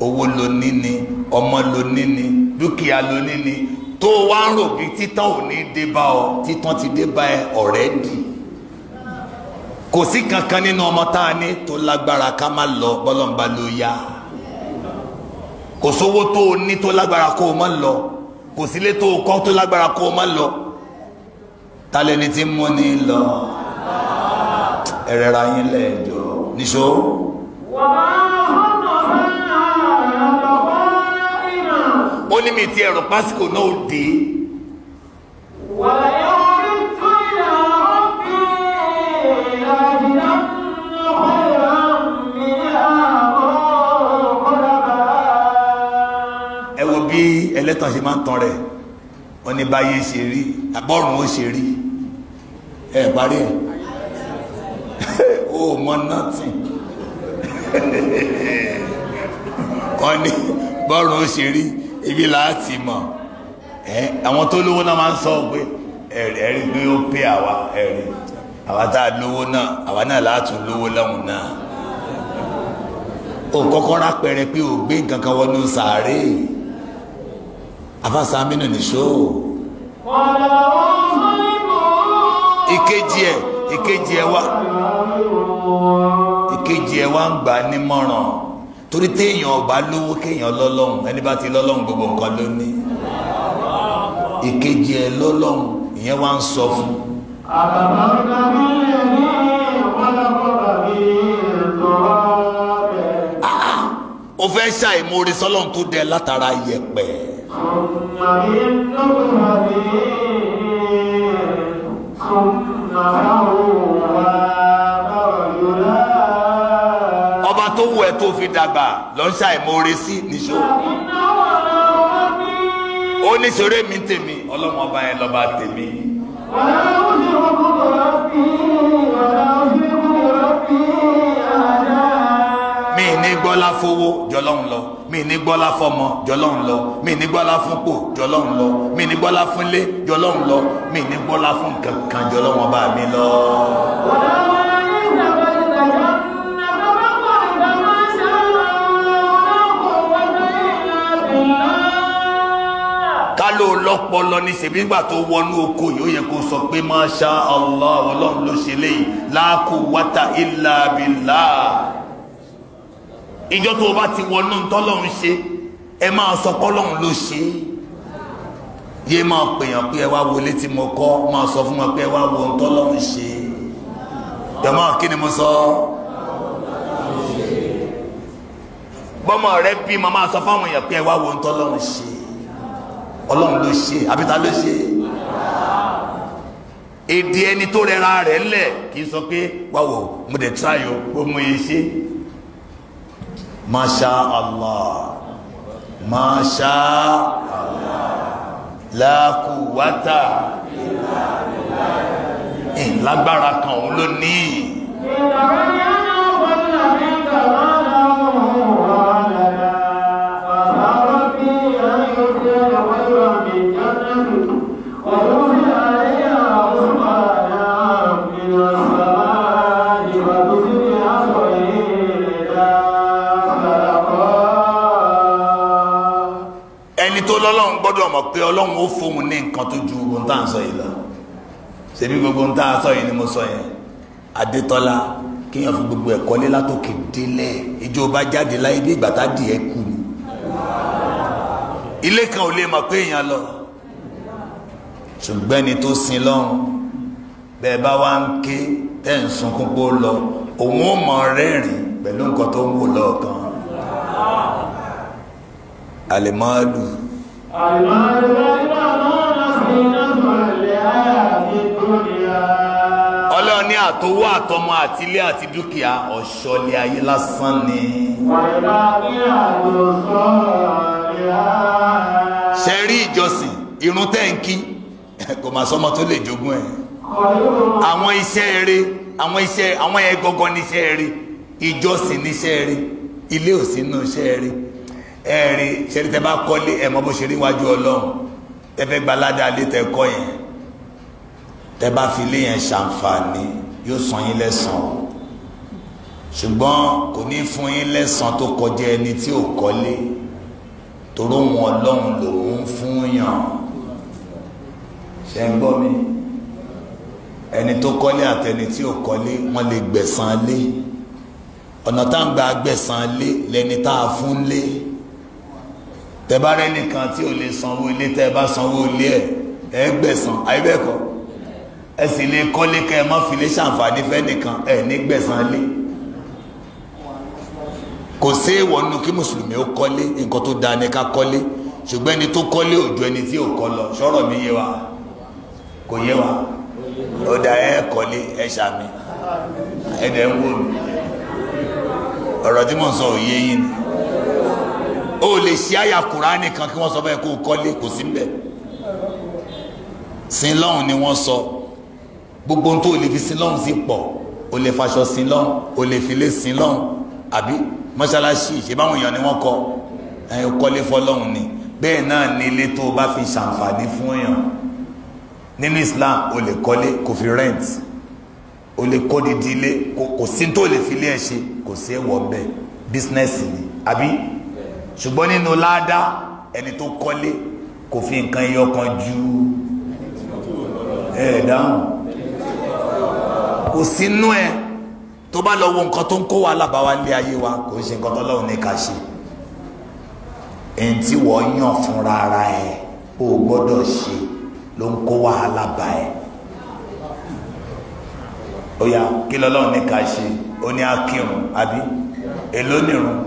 owó ló ní ni ọmọ ló ní ni dúkìá ló ní ni tó wá ń rò bí títàn ò ní dé bá ọ títàn ti dé bá ẹ already kò sí kankan nínú ọmọ tá a ní tó lágbára ká má lọ bọ́lọ́mbà ló yá kò sówó tó o ní tó lágbára kó o má lọ kò sílé tó kọ́ tó lágbára kó o má lọ tálẹ́ni tí ń mú ni lọ ẹ̀rẹ̀ra yín lẹ́ẹ̀jọ́ níṣó. ó ní mi ti ẹ̀rọ pásíkò náà dé. ẹlẹ́tàn ṣe máa ń tan rẹ̀ wọ́n ní báyé ṣe rí abọ́rùn ó ṣe rí ẹ parí ẹ̀ ó *laughs* mọ nọ́ọ̀tì *laughs* wọ́n ní bọ́rùn ó ṣe rí ibi láti mọ̀ ẹ́ àwọn tó lówó náà máa ń sọ pé ẹ̀rí pé ó pé àwa ẹ̀rí àwa tá a lówó náà àwa náà láti lówó lọ́hùn náà ó kọ́kọ́ rápẹrẹ pé ò gbé nǹkan kan wọnú sàárè yìí àfàṣà amínú nìṣó. ìkejì ẹ ìkejì ẹ wá ìkejì ẹ wá ń gbà nímọ̀ràn torí téèyàn ọba lówó kéèyàn lọ́lọ́hun ẹni bá ti lọ́lọ́hun gbogbo nǹkan ló ní ìkejì ẹ lọ́lọ́hun ìyẹn wá ń sọ fún. àbàbà ah, mi ah, fẹ́ ṣàìmọ̀ orí tó dẹ látara yẹ̀pẹ̀. ثم إنكم هديه ثم ọba tó wù ẹ́ tó fi dàgbà lọ́nṣà ìmoore sí níṣó ó níṣòro èmi tèmi ọlọ́mọba yẹn lọ́ba tèmi. wàá ó ní ọkọ̀ rẹ̀ bí wàá ó ní ọkọ̀ rẹ̀ bí gbọ́lá fowó jọlọ́run lọ mi ní gbọ́lá fọmọ jọlọ́run lọ mi ní gbọ́lá fúnpò jọlọ́run lọ mi ní gbọ́lá fúnlé jọlọ́run lọ mi ní gbọ́lá fún nǹkan kan jọlọ́run ọba mi lọ. kálọ̀ lọ́pọlọ ní ṣèbí tó wọnú oko yìí ó yẹ kó sọ pé masha Allah ọlọ́run ló ṣe léyìí la quwwata illa billah ìjọ tó o bá ti wọnú tọ́lọ́run ṣe ẹ máa sọ pọ́lọ́run ló ṣe é yé máa pèèyàn pé ẹ wá wo létí mo kọ́ máa sọ fún wọn pé ẹ wá wo tọ́lọ́run ṣe é jọmọ kí ni mo sọ bọ́mọ rẹ bí mo máa sọ fáwọn èèyàn pé ẹ wá wo tọ́lọ́run ṣe ọlọ́run ló ṣe àbí ta ló ṣe èdè ẹni tó rẹra rẹ̀ lẹ̀ kì í sọ pé wáwo mo dẹ̀ tíráyò gbogbo èyí ṣe masha allah masha allah la quwwata ìlágbára kan òun ló ní. pé ọlọ́run ó fóun ní nǹkan tó ju ohun tá à ń sọ yìí lọ ṣebí gbogbo ohun tá à ń sọ yìí ni mo sọ yẹn adétọ́lá kéèyàn fi gbogbo ẹ̀kọ́ lé látòkè délẹ̀ ìjọba jáde láyé bí ìgbà tá dìé kú ni ilé kan ò lè mọ̀ pé èèyàn lọ ṣùgbọ́n ẹni tó sin lọ́run bẹ́ẹ̀ bá wá ń ké tẹ́ ń sunkún pó lọ òun ó mọ rẹ́rìn pẹ̀lú nǹkan tó ń wò lọ́ọ̀kan alimọ́ọ̀lù ọlọ́run ní àtowó àtọmọ àtilé àti dúkìá ọ̀ṣọ́lé ayé lásán ni ṣe rí ìjọsìn irun tẹ́ǹkí kò máa sọmọ tó lè jogún ẹ̀ àwọn iṣẹ́ eré àwọn iṣẹ́ àwọn ẹ̀gọ́gọ́ níṣẹ́ eré ìjọsìn níṣẹ́ eré ilé òsínú iṣẹ́ eré ẹ̀rí ṣẹ́rí tẹ́ bá kọ́lé ẹ̀mọ́ bó ṣe rí wájú ọlọ́run tẹ́ fẹ́ gba ládàá lé tẹ́ kọ́ yẹn tẹ́ bá fi lé yẹn ṣàǹfààní yóò san yín lẹ́san o ṣùgbọ́n kò ní fún yín lẹ́san tó kọjá ẹni tí ò kọ́lé toró wọn ọlọ́run lòún fún yàn ṣe ń gbọ́ mi ẹni tó kọ́lé àtẹni tí ò kọ́lé wọ́n lè gbẹ̀san lé ọ̀nà tá à ń gba gbẹ̀san lé lẹni tá a fún lé. Le tẹ́bárẹ́ nìkan tí ò lè sanwó ilé tẹ́bá sanwó ilé ẹ̀ ẹgbẹ̀sán àìbẹ̀kọ́ ẹ sì lè kọ́lé kẹ́ ẹ má fi lé ṣàǹfààní fẹ́ nìkan ẹ̀ nígbẹ̀sán lé kò sí èèwọ̀ nínú kí mùsùlùmí ó kọ́lé nǹkan tó dáa ní ká kọ́lé ṣùgbọ́n ẹni tó kọ́lé ò ju ẹni tí ò kọ́ lọ sọ̀rọ̀ mi yé wa kò yé wa ó da ẹ kọ́lé ẹ ṣàmì ẹ dẹ̀ ń wò mí ọ̀rọ̀ tí mò sọ ò yé yín ni o lè ṣe àyà kùránì kan kí wọ́n sọ báyìí kó o kọ́lé kò sí mbẹ́ sin lọ́hùn ni wọ́n sọ gbogbo ohun tó o lè fi sin lọ́hùn sí pọ̀ o lè faṣọ sin lọ́hùn o lè filé sin lọ́hùn àbí mọ́ṣáláṣí ìṣèbáwọn èèyàn ni wọ́n kọ́ ẹ̀ kọ́lé fọlọ́hùn ni bẹ́ẹ̀ náà ni ilé tó o bá fi ṣàǹfààní fún èèyàn nínú Islam o lè kọ́lé kò fi rent o lè kó didi ilé kò sí tó o lè fi ẹ̀ ṣe kò sí ẹ̀wọ̀ bẹ́ẹ̀ bísínẹ́sì ni àbí ṣùgbọ́n nínú ládá ẹni tó kọ́lé kò fi nǹkan iye ọkàn ju ẹ̀ dáhùn kò sínú ẹ̀ tó bá lọ wo nǹkan tó ń kó wa lábáwá lé ayé wa kò ń ṣe nǹkan tó lọ́wọ́ ní ká ṣe ẹni tí wọ́n yàn fúnra ara ẹ̀ ó gbọ́dọ̀ ṣe ló ń kó wàhálà bá ẹ̀ ó yá kí lọ́lọ́run ní ká ṣe ó ní akírun àbí èló nìrun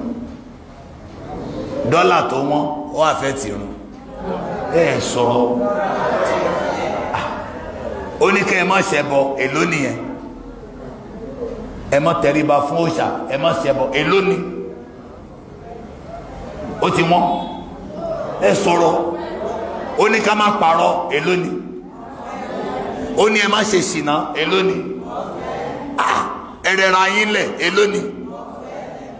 dọ́là tó wọ́n ó àfẹ́ ti rùn ẹ̀ sọ ah. ó ní kẹ́ ẹ má ṣẹbọ èló nìyẹn ẹ má tẹríba fún òòṣà ẹ má ṣẹbọ èló ni ó ti wọ́n ẹ sọ̀rọ̀ ó ní ká má parọ́ èló ni ó ní ẹ má ṣe ṣìnà èló ni ah. ẹ̀rẹ̀ra yín lẹ̀ èló ni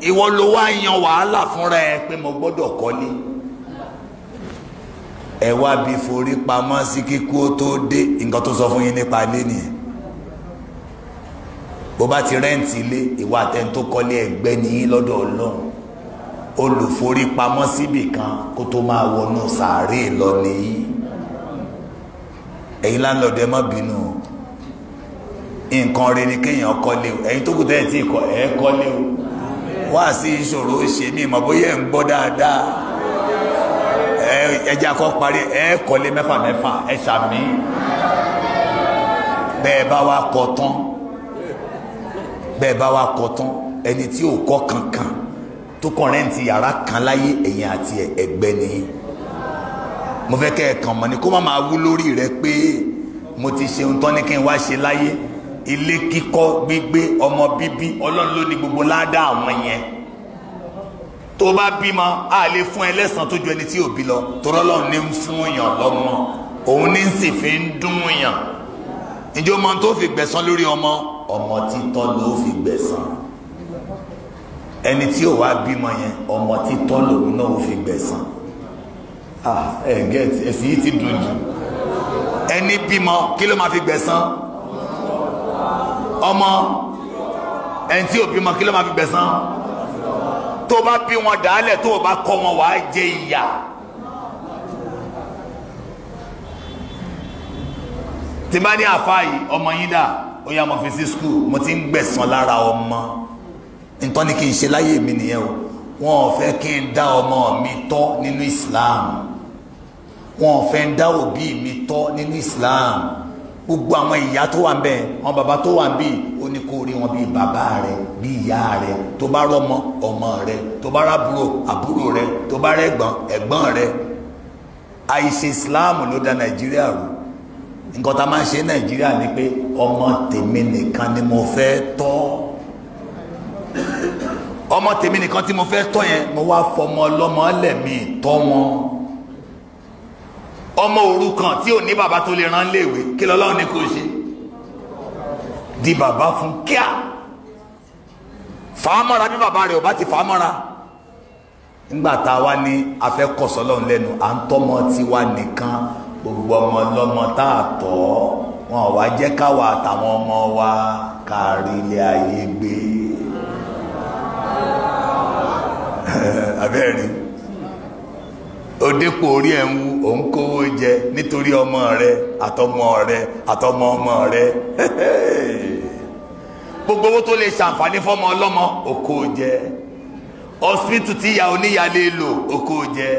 ìwọ ló wá yan wàhálà fúnra ẹ pé mo gbọ́dọ̀ kọ́lé ẹ wá bí forí pamọ́ sí kíkú tó dé nǹkan tó sọ fún yín nípa ilé nìyẹn bó bá ti rẹ́ǹtì ilé ìwà àtẹni tó kọ́lé ẹgbẹ́ nìyí lọ́dọ̀ ọlọ́run olùforí pamọ́ síbì kan kó tó máa wọnú sàárè lọ nìyí ẹ̀yin láńlọ́dẹ má bínú nǹkan rẹ ni kéèyàn kọ́lé o ẹ̀yin tó kù tẹ́lẹ̀ tí ì kọ́ ẹ̀ kọ́lé o wá sí ìṣòro ṣe ní ìmọ̀ bóyá ń gbọ́ dáadáa ẹjẹ́ akọ́ parí ẹ kọ́lé mẹ́fà mẹ́fà ẹ ṣàmì bẹ́ẹ̀ bá wa kọ́ tán bẹ́ẹ̀ bá wa kọ́ tán ẹni tí ò kọ́ kankan tó kàn rẹ́ǹtì yàrá kan láyé ẹ̀yìn àti ẹ̀gbẹ́ nìyí mo fẹ́ kẹ́ ẹ̀ kàn mọ́ ni kó má máa wú lórí rẹ pé mo ti ṣe ohun tán ní kí n wá ṣe láyé ilé kíkọ́ gbígbé ọmọ bíbí ọlọ́run ló ní gbogbo ládà àwọn yẹn tó bá bímọ a lè fún ẹ lẹ́sàn-án tó ju ẹni tí ò bí lọ torọ́ ọlọ́run ní ń fún yàn lọ́mọ òun ní sì fi ń dún yàn ǹjẹ́ ọmọ tó fi gbẹ̀san lórí ọmọ ọmọ títọ́ ló fi gbẹ̀san ẹni tí ò wá bímọ yẹn ọmọ títọ́ lòun náà ó fi gbẹ̀san ah, ẹ gẹ́ẹ̀tì ẹ̀sìn yìí ti dùn jù ẹni bímọ kí ló máa fi gbẹ̀san ọmọ ẹni tí òbí mọ kí ló máa fi gbẹ̀san tó bá bí wọn dàálẹ̀ tó o bá kọ́ wọn wàá jẹ ìyà. tí bá ní àfa yìí ọmọ yín dà ó yá mo fi sí skul mo ti ń gbẹ̀san lára ọmọ nítorí kí n ṣe láyé mi nìyẹn o wọn ò fẹ́ kí n dá ọmọ mi tọ́ nínú Islam wọn ò fẹ́ ń dá òbí mi tọ́ nínú Islam gbogbo àwọn ìyá tó wà nbẹ àwọn bàbá tó wà nbí ó ní kó rí wọn bíi bàbá rẹ bíi ìyá rẹ tó bá rọmọ ọmọ rẹ tó bá rábúrò àbúrò rẹ tó bá rẹgbọn ẹ̀gbọ́n rẹ àìsè islam ló da nàìjíríà rú nǹkan tá a máa ń ṣe nàìjíríà ni pé ọmọ tèmi nìkan ni mo fẹ́ tọ́ ọmọ tèmi nìkan tí mo fẹ́ tọ́ yẹn mo wá fọmọ ọlọ́mọ lẹ̀mí tọ́ wọn ọmọ òrukàn tí ò ní bàbá tó lè rán léèwé kí lọ́lọ́run ní kó ṣe di bàbá fún kíá fàámọ́ra bí bàbá rẹ̀ ò bá ti fàámọ́ra nígbà tá a wá ní afẹ́kọ̀sọ́ lọ́run lẹ́nu à ń tọ́mọ tiwa nìkan gbogbo ọmọ lọ́mọ tá a tọ́ wọn ò wá jẹ́ káwa àtàwọn ọmọ wa kárí ilé ayé gbé *laughs* abẹ́rẹ́ òdekò orí ẹ̀ ń wú ò ń kówó jẹ nítorí ọmọ rẹ àtọmọ rẹ àtọmọ ọmọ rẹ *laughs* gbogbo owó tó lè ṣàǹfààní fọmọ ọlọmọ òkò jẹ ọsibítù tí ìyá oníyà lè lò òkò jẹ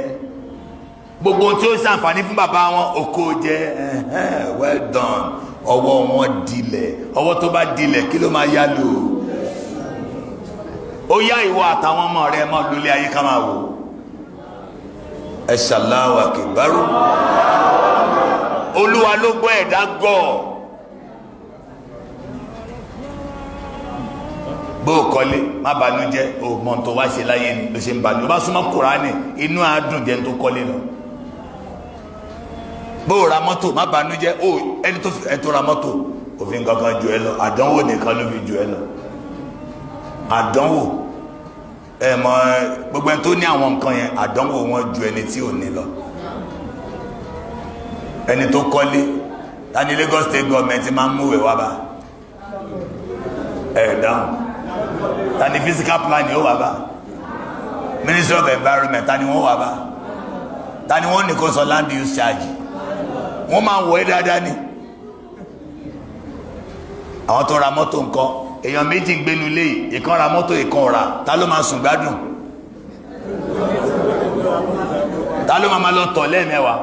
gbogbo tí ó ṣàǹfààní fún bàbá wọn òkò jẹ *laughs* well done ọwọ́ wọn dilẹ̀ ọwọ́ tó bá dilẹ̀ kí ló máa yá lò ó yá ìwọ àtàwọn ọmọ rẹ mọ́ lólé ayé ká máa wò ó. ẹ̀sàláwà kìbárù olúwa ló gbọ́ ẹ̀dá gọ̀ bó o kọ́lé o mọ̀ tó wá ṣe láyé ló ṣe ń banú o bá súnmọ́ kùránì inú àádùn jẹ́ tó kọ́lé lọ ra mọ́tò má o ẹni tó ẹ tó ra mọ́tò òfin kankan ju ẹ mọ gbogbo ẹni tó ní àwọn nǹkan yẹn àdánwò wọn ju ẹni tí ò ní lọ ẹni tó kọ́lé tani Lagos state government máa ń múwèé wá bá ẹ dáhùn tani physical plan yóò wá bá ministry of environment tani wọ́n wá bá tani wọ́n ní kó sọ land use charge wọ́n máa wọ̀ ẹ́ dáadáa ni àwọn tó ra mọ́tò nǹkan èèyàn méjì ń gbénu lé ìkan ra mọ́tò ìkan ra ta ló máa sùn gbádùn ta ló máa lọ tọ̀ lẹ́ẹ̀mẹ́wàá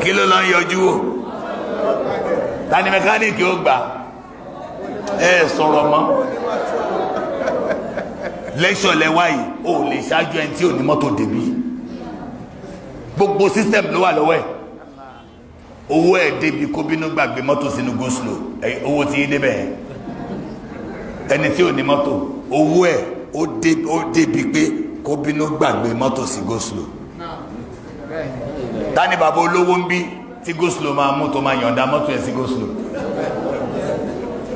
kí ló lọ ń yọjú wò ta ni mẹkáníìkì ó gbà ẹ sọ̀rọ̀ mọ́ lẹ́ṣọ̀ lẹ́wà yìí ò lè ṣáájú ẹni tí ò ní mọ́tò débí gbogbo sísẹ̀mù ló wà lọ́wọ́ ẹ̀ owó ẹ̀ débi kó bínú gbàgbé mọ́tò sínú goslo owó ti yí débẹ̀ ẹni tí ò ní mọ́tò owó ẹ̀ ó débi pé kó bínú gbàgbé mọ́tò sí goslo tani bàbá olówó ń bí tí goslo máa mú tó máa yọ̀ǹda mọ́tò ẹ̀ sí goslo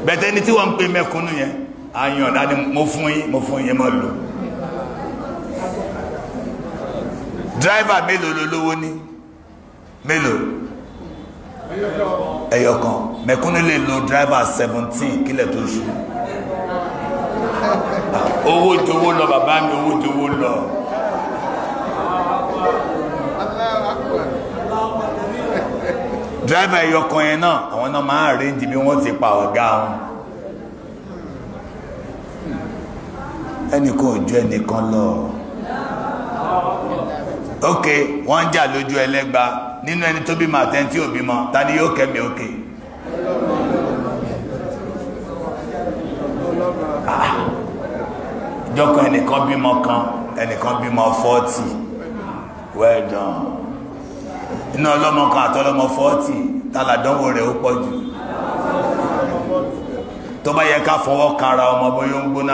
bẹ̀tẹ̀ ẹni tí wọ́n ń pè mẹ́kúnnù yẹn àyọ̀ǹda ni mo fún yín mo fún yín mọ́ lò dráìvà mélòó lolówó ní mélòó ẹyọkan mẹ̀kúnnù lè lo driver seventeen kílẹ̀ tó ṣù owó ìdówó lọ bàbá mi owó ìdówó lọ. driver ẹyọkan yẹn náà àwọn náà máa arrange bí wọ́n ti pa ọ̀gá wọn. ẹnìkan ò ju ẹnìkan lọ. ok wọ́n ń jà lójú ẹlẹ́gbàá. nínú ẹni tó bímọ àtẹ́ntí ò mọ, ta yóò kẹ́mi òkè ìjọkọ ah, ẹnìkan bímọ kan ẹnìkan bímọ 40 well done iná ọlọ́mọ kan àtọ́lọ́mọ 40 tàlàdánwò rẹ̀ ó pọ̀ jù tó bá yẹ ká fọwọ́ kára ọmọ bóyá ń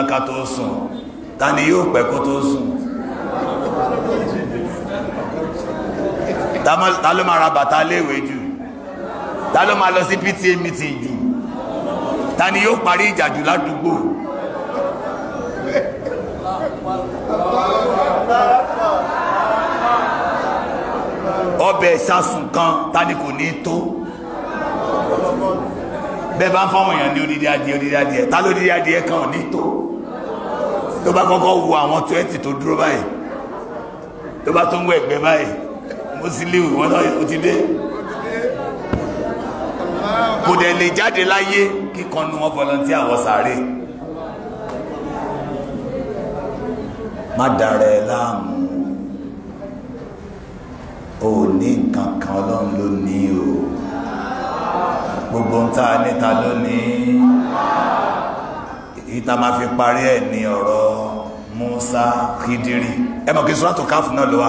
ta yóò pẹ́ kó tó sùn ta ló máa ra bàtà léèwé jù ta ló máa lọ sí PTA meeting jù ta ni yóò parí ìjà jù ládùúgbò ọbẹ̀ ìsásùn kan ta ni kò ní tó bẹ́ẹ̀ bá ń fáwọn èèyàn ní odidi adìẹ odidi adìẹ ta ló odidi adìẹ kan ò ní tó tó bá kọ́kọ́ wo àwọn twenty tó dúró báyìí tó bá tó ń wọ ẹ̀gbẹ́ báyìí ó sì léwu ìwọ náà ó ti dé kò dẹ̀ lè jáde láyé kíkan nu wọn volunteer wọ sáré má dara ẹ láàmú o ní nǹkan kan ọlọ́run ló ní o gbogbo ń ta níta lónìí ìta máa fi parí ẹ̀ ní ọ̀rọ̀ Musa Khidiri ẹ mọ̀ kí sùràtù káfù náà ló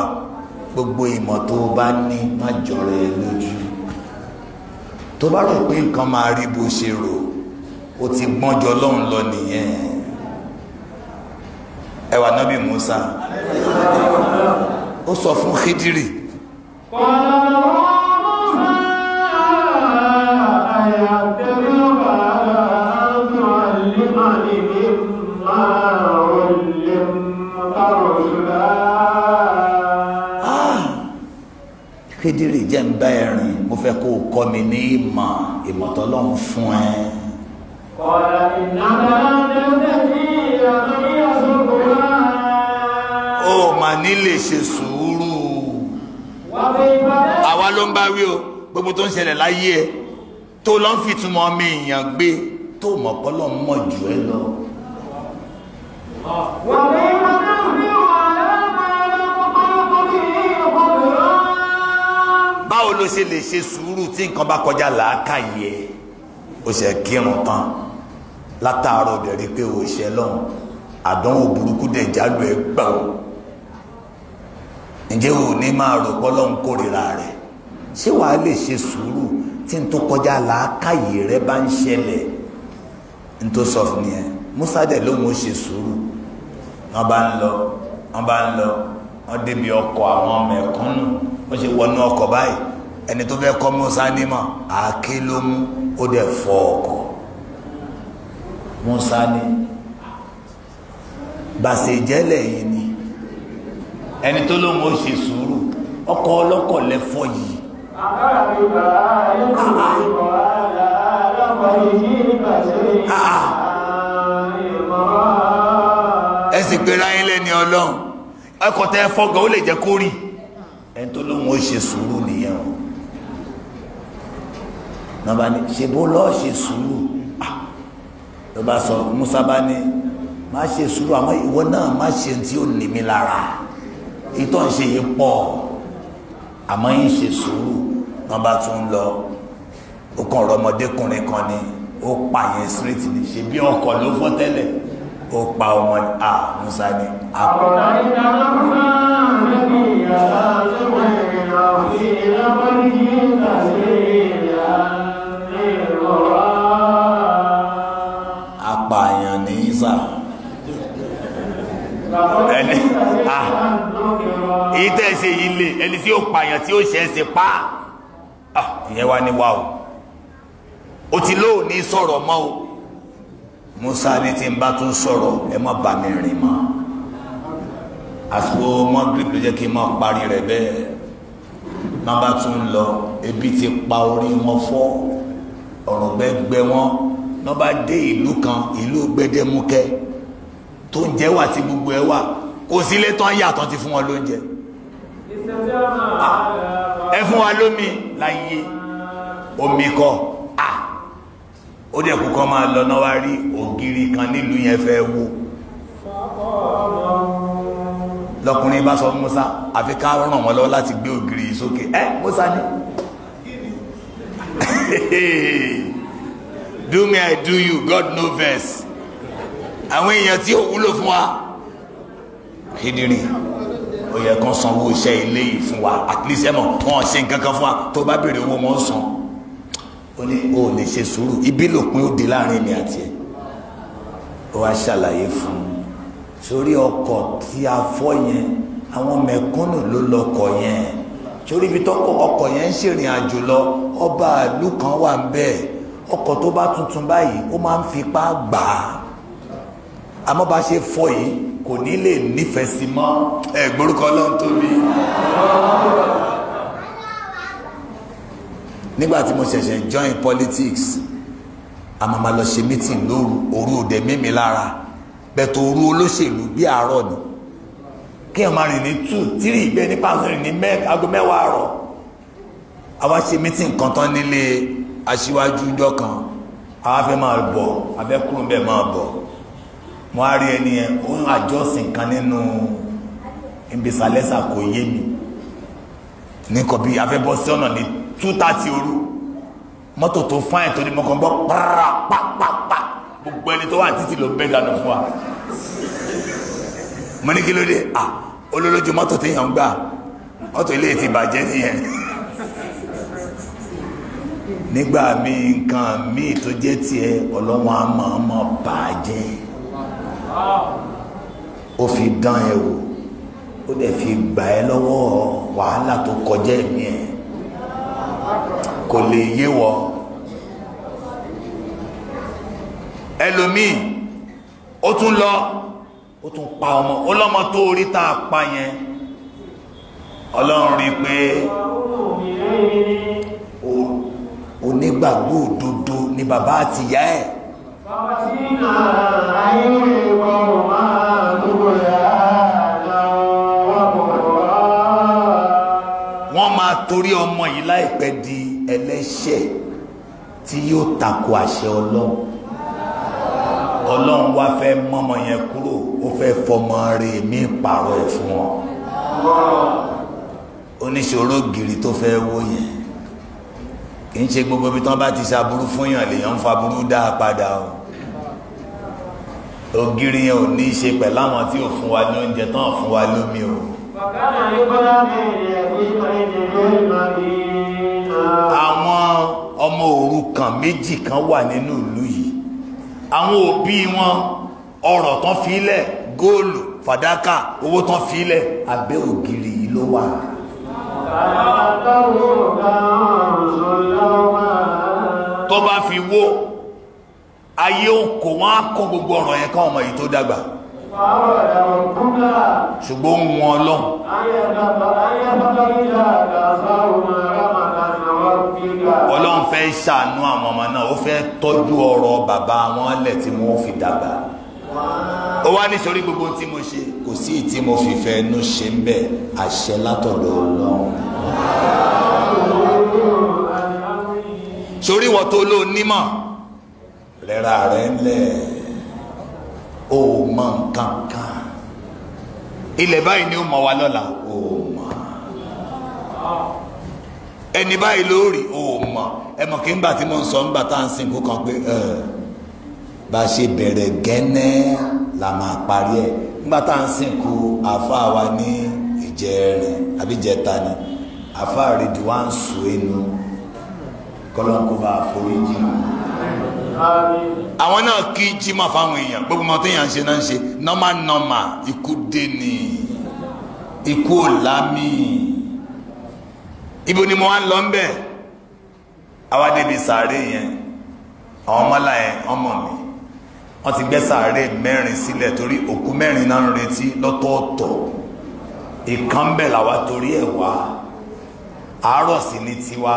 gbogbo ìmọ̀ tó o bá ní má jọrọ ẹ lójú tó bá rò pé nǹkan máa rí bó ṣe rò ó ti gbọ́njọ lọ́hùn lọ nìyẹn ẹ wà nábì Musa ó sọ fún Khidiri. kọ́ńtà náà. kédìrì jẹ́ ń bá ẹ rìn mo fẹ́ kó o kọ́ mi ní ìmọ̀ ìmọ̀tọ́ ló ń fún ẹ. kọ̀ọ̀lá ìnáwó lọ́dẹ̀ sí ìyàtọ̀ ìyàsókò náà. ó mà ní ṣe sùúrù. àwa ló ń bá wí o gbogbo tó ń ṣẹlẹ̀ láyé ẹ tó lọ́ ń fìtumọ̀ mi ìyàn gbé tó mọ̀ pọ́lọ́ mọ̀ jù ẹ lọ. wàá wí wọ́n. báwo ló ṣe lè ṣe sùúrù tí nǹkan bá kọjá làákàyè ó ṣe kírun tán látàárọ̀ bẹ̀rẹ̀ pé ó ṣe lọ́hùn àdánwò burúkú dẹ̀ jálù ẹ̀ gbà ó ǹjẹ́ ò ní máa rò pọ́lọ́hún kórìíra rẹ̀ ṣé wàá lè ṣe sùúrù tí n tó kọjá làákàyè rẹ bá ń ṣẹlẹ̀ n tó sọ fún yẹn Musa dẹ̀ ló ń ṣe sùúrù wọn bá ń lọ wọn bá ń lọ wọn débi ọkọ̀ àwọn mẹ̀kúnnù wọ́n ṣe wọnú ọkọ̀ báyìí ẹni tó fẹ́ kọ́ musa nímọ̀ àáké ló mú ó dẹ̀ fọ ọkọ̀ musa ní bàṣẹ̀jẹ́lẹ̀ yìí ni ẹni tó lóun ó ṣe sùúrù ọkọ̀ ọlọ́kọ̀ lẹ́fọ́ yìí. ẹ sì pera yín lẹ́ni ọlọ́run ẹkọ̀ tẹ́ fọ́gàn ó lè jẹ́ kó rí ẹni tó lóun ó ṣe sùúrù ni náà bá ní ṣe bó lọ́ọ́ ṣe sùúrù ah, ló bá sọ Musa bá ní má ṣe sùúrù àmọ́ ìwọ náà má ṣe tí ó ní lára ìtọ́ ń ṣe yìí pọ̀ àmọ́ yìí ṣe sùúrù náà tún lọ ó kàn rọ ọmọdékùnrin kan ni ó pààyàn síríìtì ní ṣe bí ọkọ ló fọ́ tẹ́lẹ̀ ó pa ọmọ ah, ní à Musa ní àpò. àbọ̀dá ìdáná fún àmì ìyàrá tó wẹ̀ ìrọ̀ sí ẹni à ah, èyí tẹ́ ẹ ṣe yìí lè ẹni tí ó pààyàn tí ó ṣe é ṣe pa ah, ìyẹn wá ní wá o ó ti lóò ní sọ̀rọ̀ mọ́ o Musa ní tí n bá tún sọ̀rọ̀ ẹ má bà mí rìn mọ́ àsìkò wọn gírípù jẹ́ kí n máa parí rẹ̀ bẹ́ẹ̀ má bá tún lọ ebi ti pa orí wọn fọ́ ọ̀rọ̀ gbẹ́gbẹ́ wọn má bá dé ìlú kan ìlú gbẹdẹmukẹ́ tó ń jẹ́ wà tí gbogbo ẹ wà kò sílé tán yàtọ̀ ti fún wọn lóúnjẹ ah, ẹ fún wa lómi láyé omi kọ ah, ó dẹ̀ kú kọ́ máa lọ wá rí ògiri kan nílùú yẹn fẹ́ wo lọkùnrin bá sọ Musa àfi ká ràn wọ́n lọ láti gbé ògiri sókè ẹ Musa ni *laughs* do me I do you God no verse àwọn èèyàn tí ò wúlò fún wa kídìrí ó yẹ kán sanwó iṣẹ́ ilé yìí fún wa at least ẹ mọ̀ wọn ṣe nǹkan kan fún wa tó bá béèrè owó wọn san ó ní o ò lè ṣe sùúrù ibi lòpin ó di láàrin mi àti ẹ ó wá ṣàlàyé fún un sórí ọkọ̀ tí a fọ́ yẹn àwọn mẹ̀kúnnù ló lọkọ̀ yẹn torí ibi tọkọ ọkọ̀ yẹn ń ṣèrìn àjò lọ ọba ìlú kan wà ń bẹ́ẹ̀ ọkọ̀ tó bá tuntun báyìí ó máa ń fipá gbà á àmọ́ bá ṣe fọ́ yìí kò ní lè nífẹ̀ẹ́ sí mọ́ ẹ̀gbórúkọ ọlọ́run tóbi. nígbà tí mo ṣẹ̀ṣẹ̀ join politics a máa máa lọ ṣe meeting lóru òru òde mímí lára bẹ̀tọ̀ òru olóṣèlú bí àárọ̀ ni kí ẹ̀ máa rìn ní two three bẹ́ẹ̀ nípa àwọn rìn ní aago mẹ́wàá àárọ̀ àwa ṣe meeting kan tán nílé aṣíwájú ọjọ́ kan àwa fẹ́ máa bọ̀ àfẹ́ bẹ́ẹ̀ máa bọ̀ mo á rí ẹni yẹn òun àjọsìn kan nínú ìbísàlẹ́sà kò yé mi ní kò bí afẹ́bọ́ sí ọ̀nà ní two thirty òru mọ́tò tó fáìn tó ní mọ́kàn bọ́ pàrà pàpàpà gbogbo ẹni tó wà títí ló bẹ́ẹ̀ dànù fún wa mo ní kí ló dé à olólójú mọ́tò téèyàn ń gbà mọ́tò ilé ti bàjẹ́ nìyẹn nígbà míì nǹkan míì tó jẹ́ tiẹ̀ ọlọ́wọ́n á máa máa bàjẹ́ ó fi dán ẹ wò ó dẹ̀ fi gbà ẹ lọ́wọ́ wàhálà tó kọjá ẹ̀mí ẹ̀ kò lè yé wọ ẹlòmíì ó tún lọ ó tún pa ọmọ ó lọ́mọ tó orí tá a pa yẹn ọlọ́run rí i pé onígbàgbọ́ òdodo ni bàbá àtìyá ẹ̀ wọ́n máa torí ọmọ yìí láìpẹ́ di ẹlẹ́ṣẹ̀ tí yóò tako àṣẹ ọlọ́run ọlọ́run wá fẹ́ mọ́mọ yẹn kúrò ó fẹ́ fọmọ rẹ̀ mí pààrọ̀ ẹ̀ fún wọn oníṣòro gírí tó fẹ́ wó yẹn kì í ṣe gbogbo ibi tí wọ́n bá ti ṣàbúrú fún yàn lèèyàn ń fa burú dáa padà o ògiri yẹn ò ní í ṣe pẹ̀lú àwọn tí ò fún wa ní oúnjẹ tán fún wa lómi o. àwọn ọmọ òrukàn méjì kan wà nínú ìlú yìí àwọn òbí wọn ọrọ̀ tán filẹ̀ góòlù fàdákà owó tán filẹ̀ abẹ́ ògiri yìí ló wà. tó bá fi wó ayé òkò wọn á kọ gbogbo ọ̀rọ̀ yẹn káwọn ọmọ yìí tó dàgbà ṣùgbọ́n wọn ọlọ́run ọlọ́run fẹ́ ṣàánú àwọn ọmọ náà ó fẹ́ tọ́jú ọ̀rọ̀ bàbá wọn lẹ̀ tí wọ́n fi dàgbà ó wá nítorí gbogbo tí mo ṣe kò sí ìtí mo fìfẹ́ inú ṣe ń bẹ̀ àṣẹ látọ̀dọ̀ ọlọ́run sórí wọn tó lóun nímọ̀ rẹ́ra rẹ̀ lẹ̀ ó mọ nǹkan kan ilẹ̀ báyìí ni ó mọ wa lọ́la ó mọ ẹni báyìí lórí ó mọ ẹ mọ̀ kí n gbà tí mo ń sọ ńgbà tá à ń sìnkú kan pé ẹ bá a ṣe bẹ̀rẹ̀ gẹ́nẹ́ la máa parí ẹ̀ ńgbà tá à ń sìnkú àáfàá wa ní ìjẹrin àbíjẹta ni àáfàá rẹ̀ di ń sùn ẹnu kọ́lọ́ńkó bá a forí jìn àwọn náà kí jimá fáwọn èèyàn gbogbo ọmọ téèyàn ń ṣe náà ṣe nọ́mà nọ́mà ikú dé ni ikú ò lámì ibo ni mo wá ń lọ ń bẹ̀ àwa débi sàárè yẹn àwọn ọmọlá yẹn ọmọ mi wọ́n ti gbẹ́ sàárè mẹ́rin sílẹ̀ torí òkú mẹ́rin náà ń retí lọ́tọ̀ọ̀tọ̀ ìkan bẹ̀ làwa torí ẹ̀ wá àárọ̀ sí ní tiwa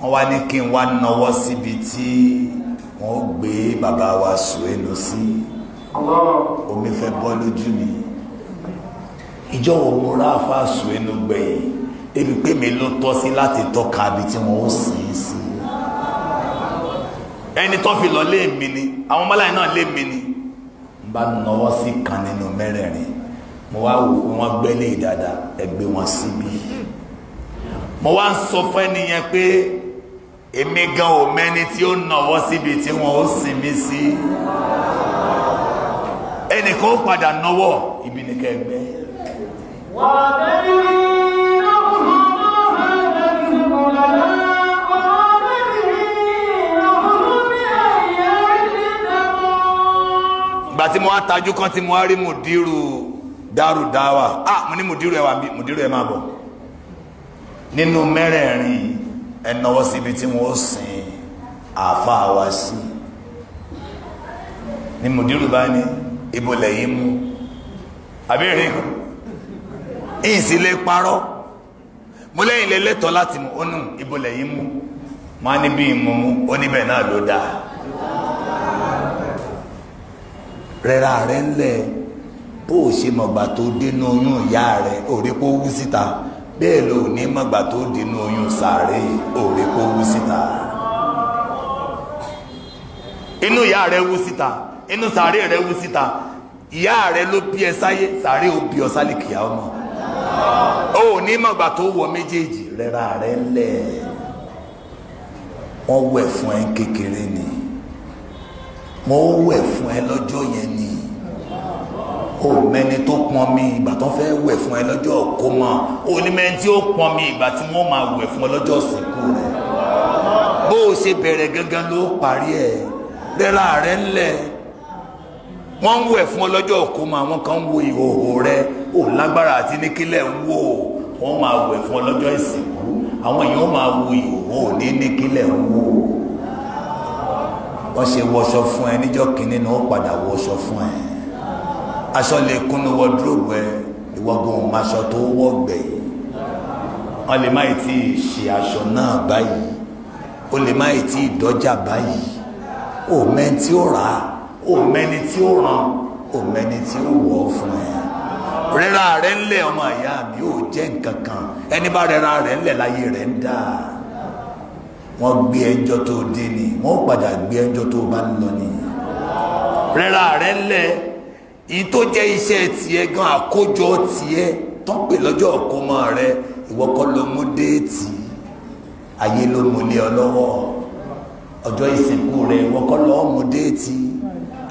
wọ́n wá ní kí n wá nawọ́ síbi tí. Si wọ́n gbé bàbá wa Suwénu sí omi fẹ́ bọ́ lójú mi ìjọ wo mo rá àfa Suwénu gbẹ̀yìn ebi pé mi ló tọ́ sí láti tọ́ka ibi tí wọ́n ó sìn sí ẹni tó fi lọ lé mi ni àwọn ọmọláyìn náà lé mi ni n bá nọwọ́ sí kan nínú mẹ́rẹ̀ẹ̀rin mo wá wò pé wọ́n gbẹ́lé ìdàdà ẹgbẹ́ wọn síbí mo wá ń sọ fún ẹni yẹn pé èmi gan ò mẹ́ni tí ó nàwọ́ síbi tí wọ́n ó sinmi sí ẹnìkan ó padà náwọ́ ibi nìkan ẹgbẹ́ wà mo wá tajú kan tí mo wá rí mùdírù dárù dáwà ah mo ní mùdírù ẹwà bí mùdírù ẹ máa bọ̀ nínú mẹ́rẹ̀ẹ̀rin ẹnáwó síbi tí wọ́n sin àáfàá wa sí ni mùdírù bá ní ibo lẹ́yìn mú àbírin ìsì lè parọ́ mo lẹ́yìn lè lẹ́tọ̀ọ́ láti mú ónú ibo lẹ́yìn mú ma ní mú oníbẹ̀ náà ló dáa rẹra rẹ ńlẹ̀ bó o ṣe mọ̀gbà tó dénú oyún ìyá rẹ̀ òrípó wú síta bẹ́ẹ̀ ló ní mọ̀gbà tó dínú oyún sàárè òrè kó wú síta inú ìyá rẹ̀ wú síta inú sàárè rẹ̀ wú síta ìyá rẹ̀ ló bí ẹ sáyé sàárè ó bí ọ sálìkìyà ọmọ ó ní mọ̀gbà tó wọ méjèèjì rẹra rẹ lẹ̀ wọ́n wẹ̀ fún ẹ kékeré ni wọ́n wẹ̀ fún ẹ lọ́jọ́ yẹn ni o mẹni tó pọn mi ìgbà tó fẹ́ wẹ̀ fún ẹ lọ́jọ́ kó mọ onímẹni tí ó pọn mi ìgbà tí wọ́n máa wẹ̀ fún ẹ lọ́jọ́ sìnkú rẹ̀ bó o ṣe bẹ̀rẹ̀ gangan ló parí ẹ̀ rẹ́ra rẹ̀ ńlẹ̀ wọ́n ń wẹ̀ fún ọ lọ́jọ́ kó mọ àwọn kan ń wo ìhòòhò rẹ ò lágbára àti níkílẹ̀ ń wò wọ́n máa wẹ̀ fún ọ lọ́jọ́ ìsìnkú àwọn èèyàn máa wo ìhòòhò ní níkílẹ̀ ń wò wọ́n ṣe wọṣọ fún ẹ níjọ́ kìíní ni padà wọṣọ fún ẹ aṣọ lè kúnnú wọdúróòbù ẹ ìwọgbọn aṣọ tó wọgbẹ yìí wọn lè má yìí ṣe aṣọ náà báyìí o lè má yìí tí báyìí o mẹ́ni tí ó rà á o mẹ́ni tí ó ràn o mẹ́ni tí ó wọ̀ ọ́ fún ẹ rẹ́ra rẹ̀ ń lẹ̀ ọmọ ìyá mi ò jẹ́ nǹkan kan ẹni bá rẹ́ra rẹ̀ ń lẹ̀ láyé rẹ̀ ń dáa wọ́n gbé ẹjọ́ tó dé ni wọ́n padà gbé ẹjọ́ tó bá ń lọ ni rẹ́ra rẹ̀ ń èyí tó jẹ́ iṣẹ́ tiẹ̀ gan àkójọ tiẹ̀ tọ́pẹ̀ lọ́jọ́ ọ̀kọ́mọ rẹ ìwọ́kọ́ ló mú déètì ayé ló mú lé ọ lọ́wọ́ ọjọ́ ìsìnkú rẹ ìwọ́kọ́ lọ́ọ́ mú déètì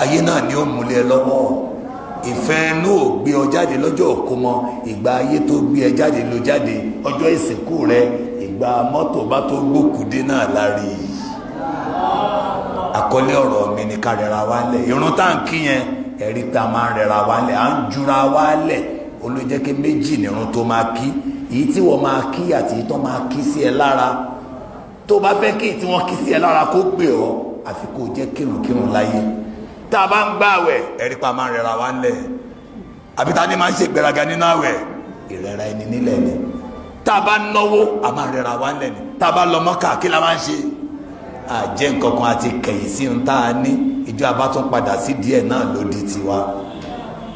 ayé náà ni ó mú lé ọ lọ́wọ́ ìfẹ́ inú ò gbé ọ jáde lọ́jọ́ ọ̀kọ́mọ ìgbà ayé tó gbé ẹ jáde ló jáde ọjọ́ ìsìnkú rẹ ìgbà mọ́tò bá tó gbókùdé náà lárí àkọlé ọ̀rọ̀ mi ni kárẹ̀ra wálẹ̀ irun táǹkì yẹn ẹ̀rí tá a máa ń rẹra wa lẹ̀ à ń jura wa lẹ̀ olójẹ́kẹ́ méjì nírun tó máa kí èyí tí wọ́n máa kí àti èyí tó máa kí sí ẹ lára tó bá fẹ́ kí èyí tí wọ́n kí sí ẹ lára kó pè ọ́ àfi kó jẹ́ kírunkírun láyé tá a bá ń gbààwẹ̀ ẹ̀rí pa máa ń rẹra lẹ̀ àbí ta ni máa ń ṣe ìgbéraga nínú àwẹ̀ ìrẹ̀ra ẹni nílẹ̀ ni tá a bá náwó a máa rẹra wa lẹ̀ ni tá a bá lọ mọ́kà kí la máa ń ṣe àjẹ́ nǹkan kan àti kẹ̀yìn sí ń tá a ní ìjọ àbá tún padà sí díẹ̀ náà ló di tiwa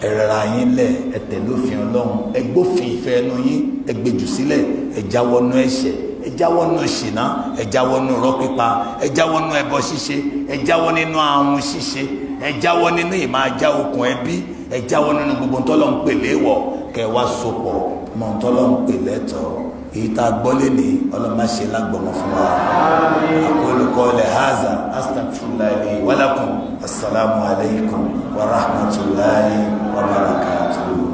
ẹ̀rẹ̀ra yín lẹ̀ ẹ̀tẹ̀ lófin ọlọ́run ẹgbófin ìfẹ́ ẹnu yín ẹgbẹ́jù sílẹ̀ ẹ̀jáwọ́nú ẹ̀ṣẹ̀ ẹ̀jáwọ́nú ṣìnà ẹ̀jáwọ́nú rọ́ pípa ẹ̀jáwọ́nú ẹbọ ṣíṣe ẹ̀jáwọ́ nínú ahun ṣíṣe ẹ̀jáwọ́ nínú ìmáàjá okùn ẹbí ẹ̀jáwọ́ nínú gbogbo ntọ́lọ́ ń pè léwọ̀ kẹ́ wá sopọ̀ mọ̀ ntọ́lọ́ ń pè lẹ́tọ̀ọ́ èyí tá a gbọ́ léni ọlọ́mọ ṣe lágbọ̀mọ̀ fún wa aqulu qawli hadha astaghfirullah li wa wa rahmatullahi wa barakatuh.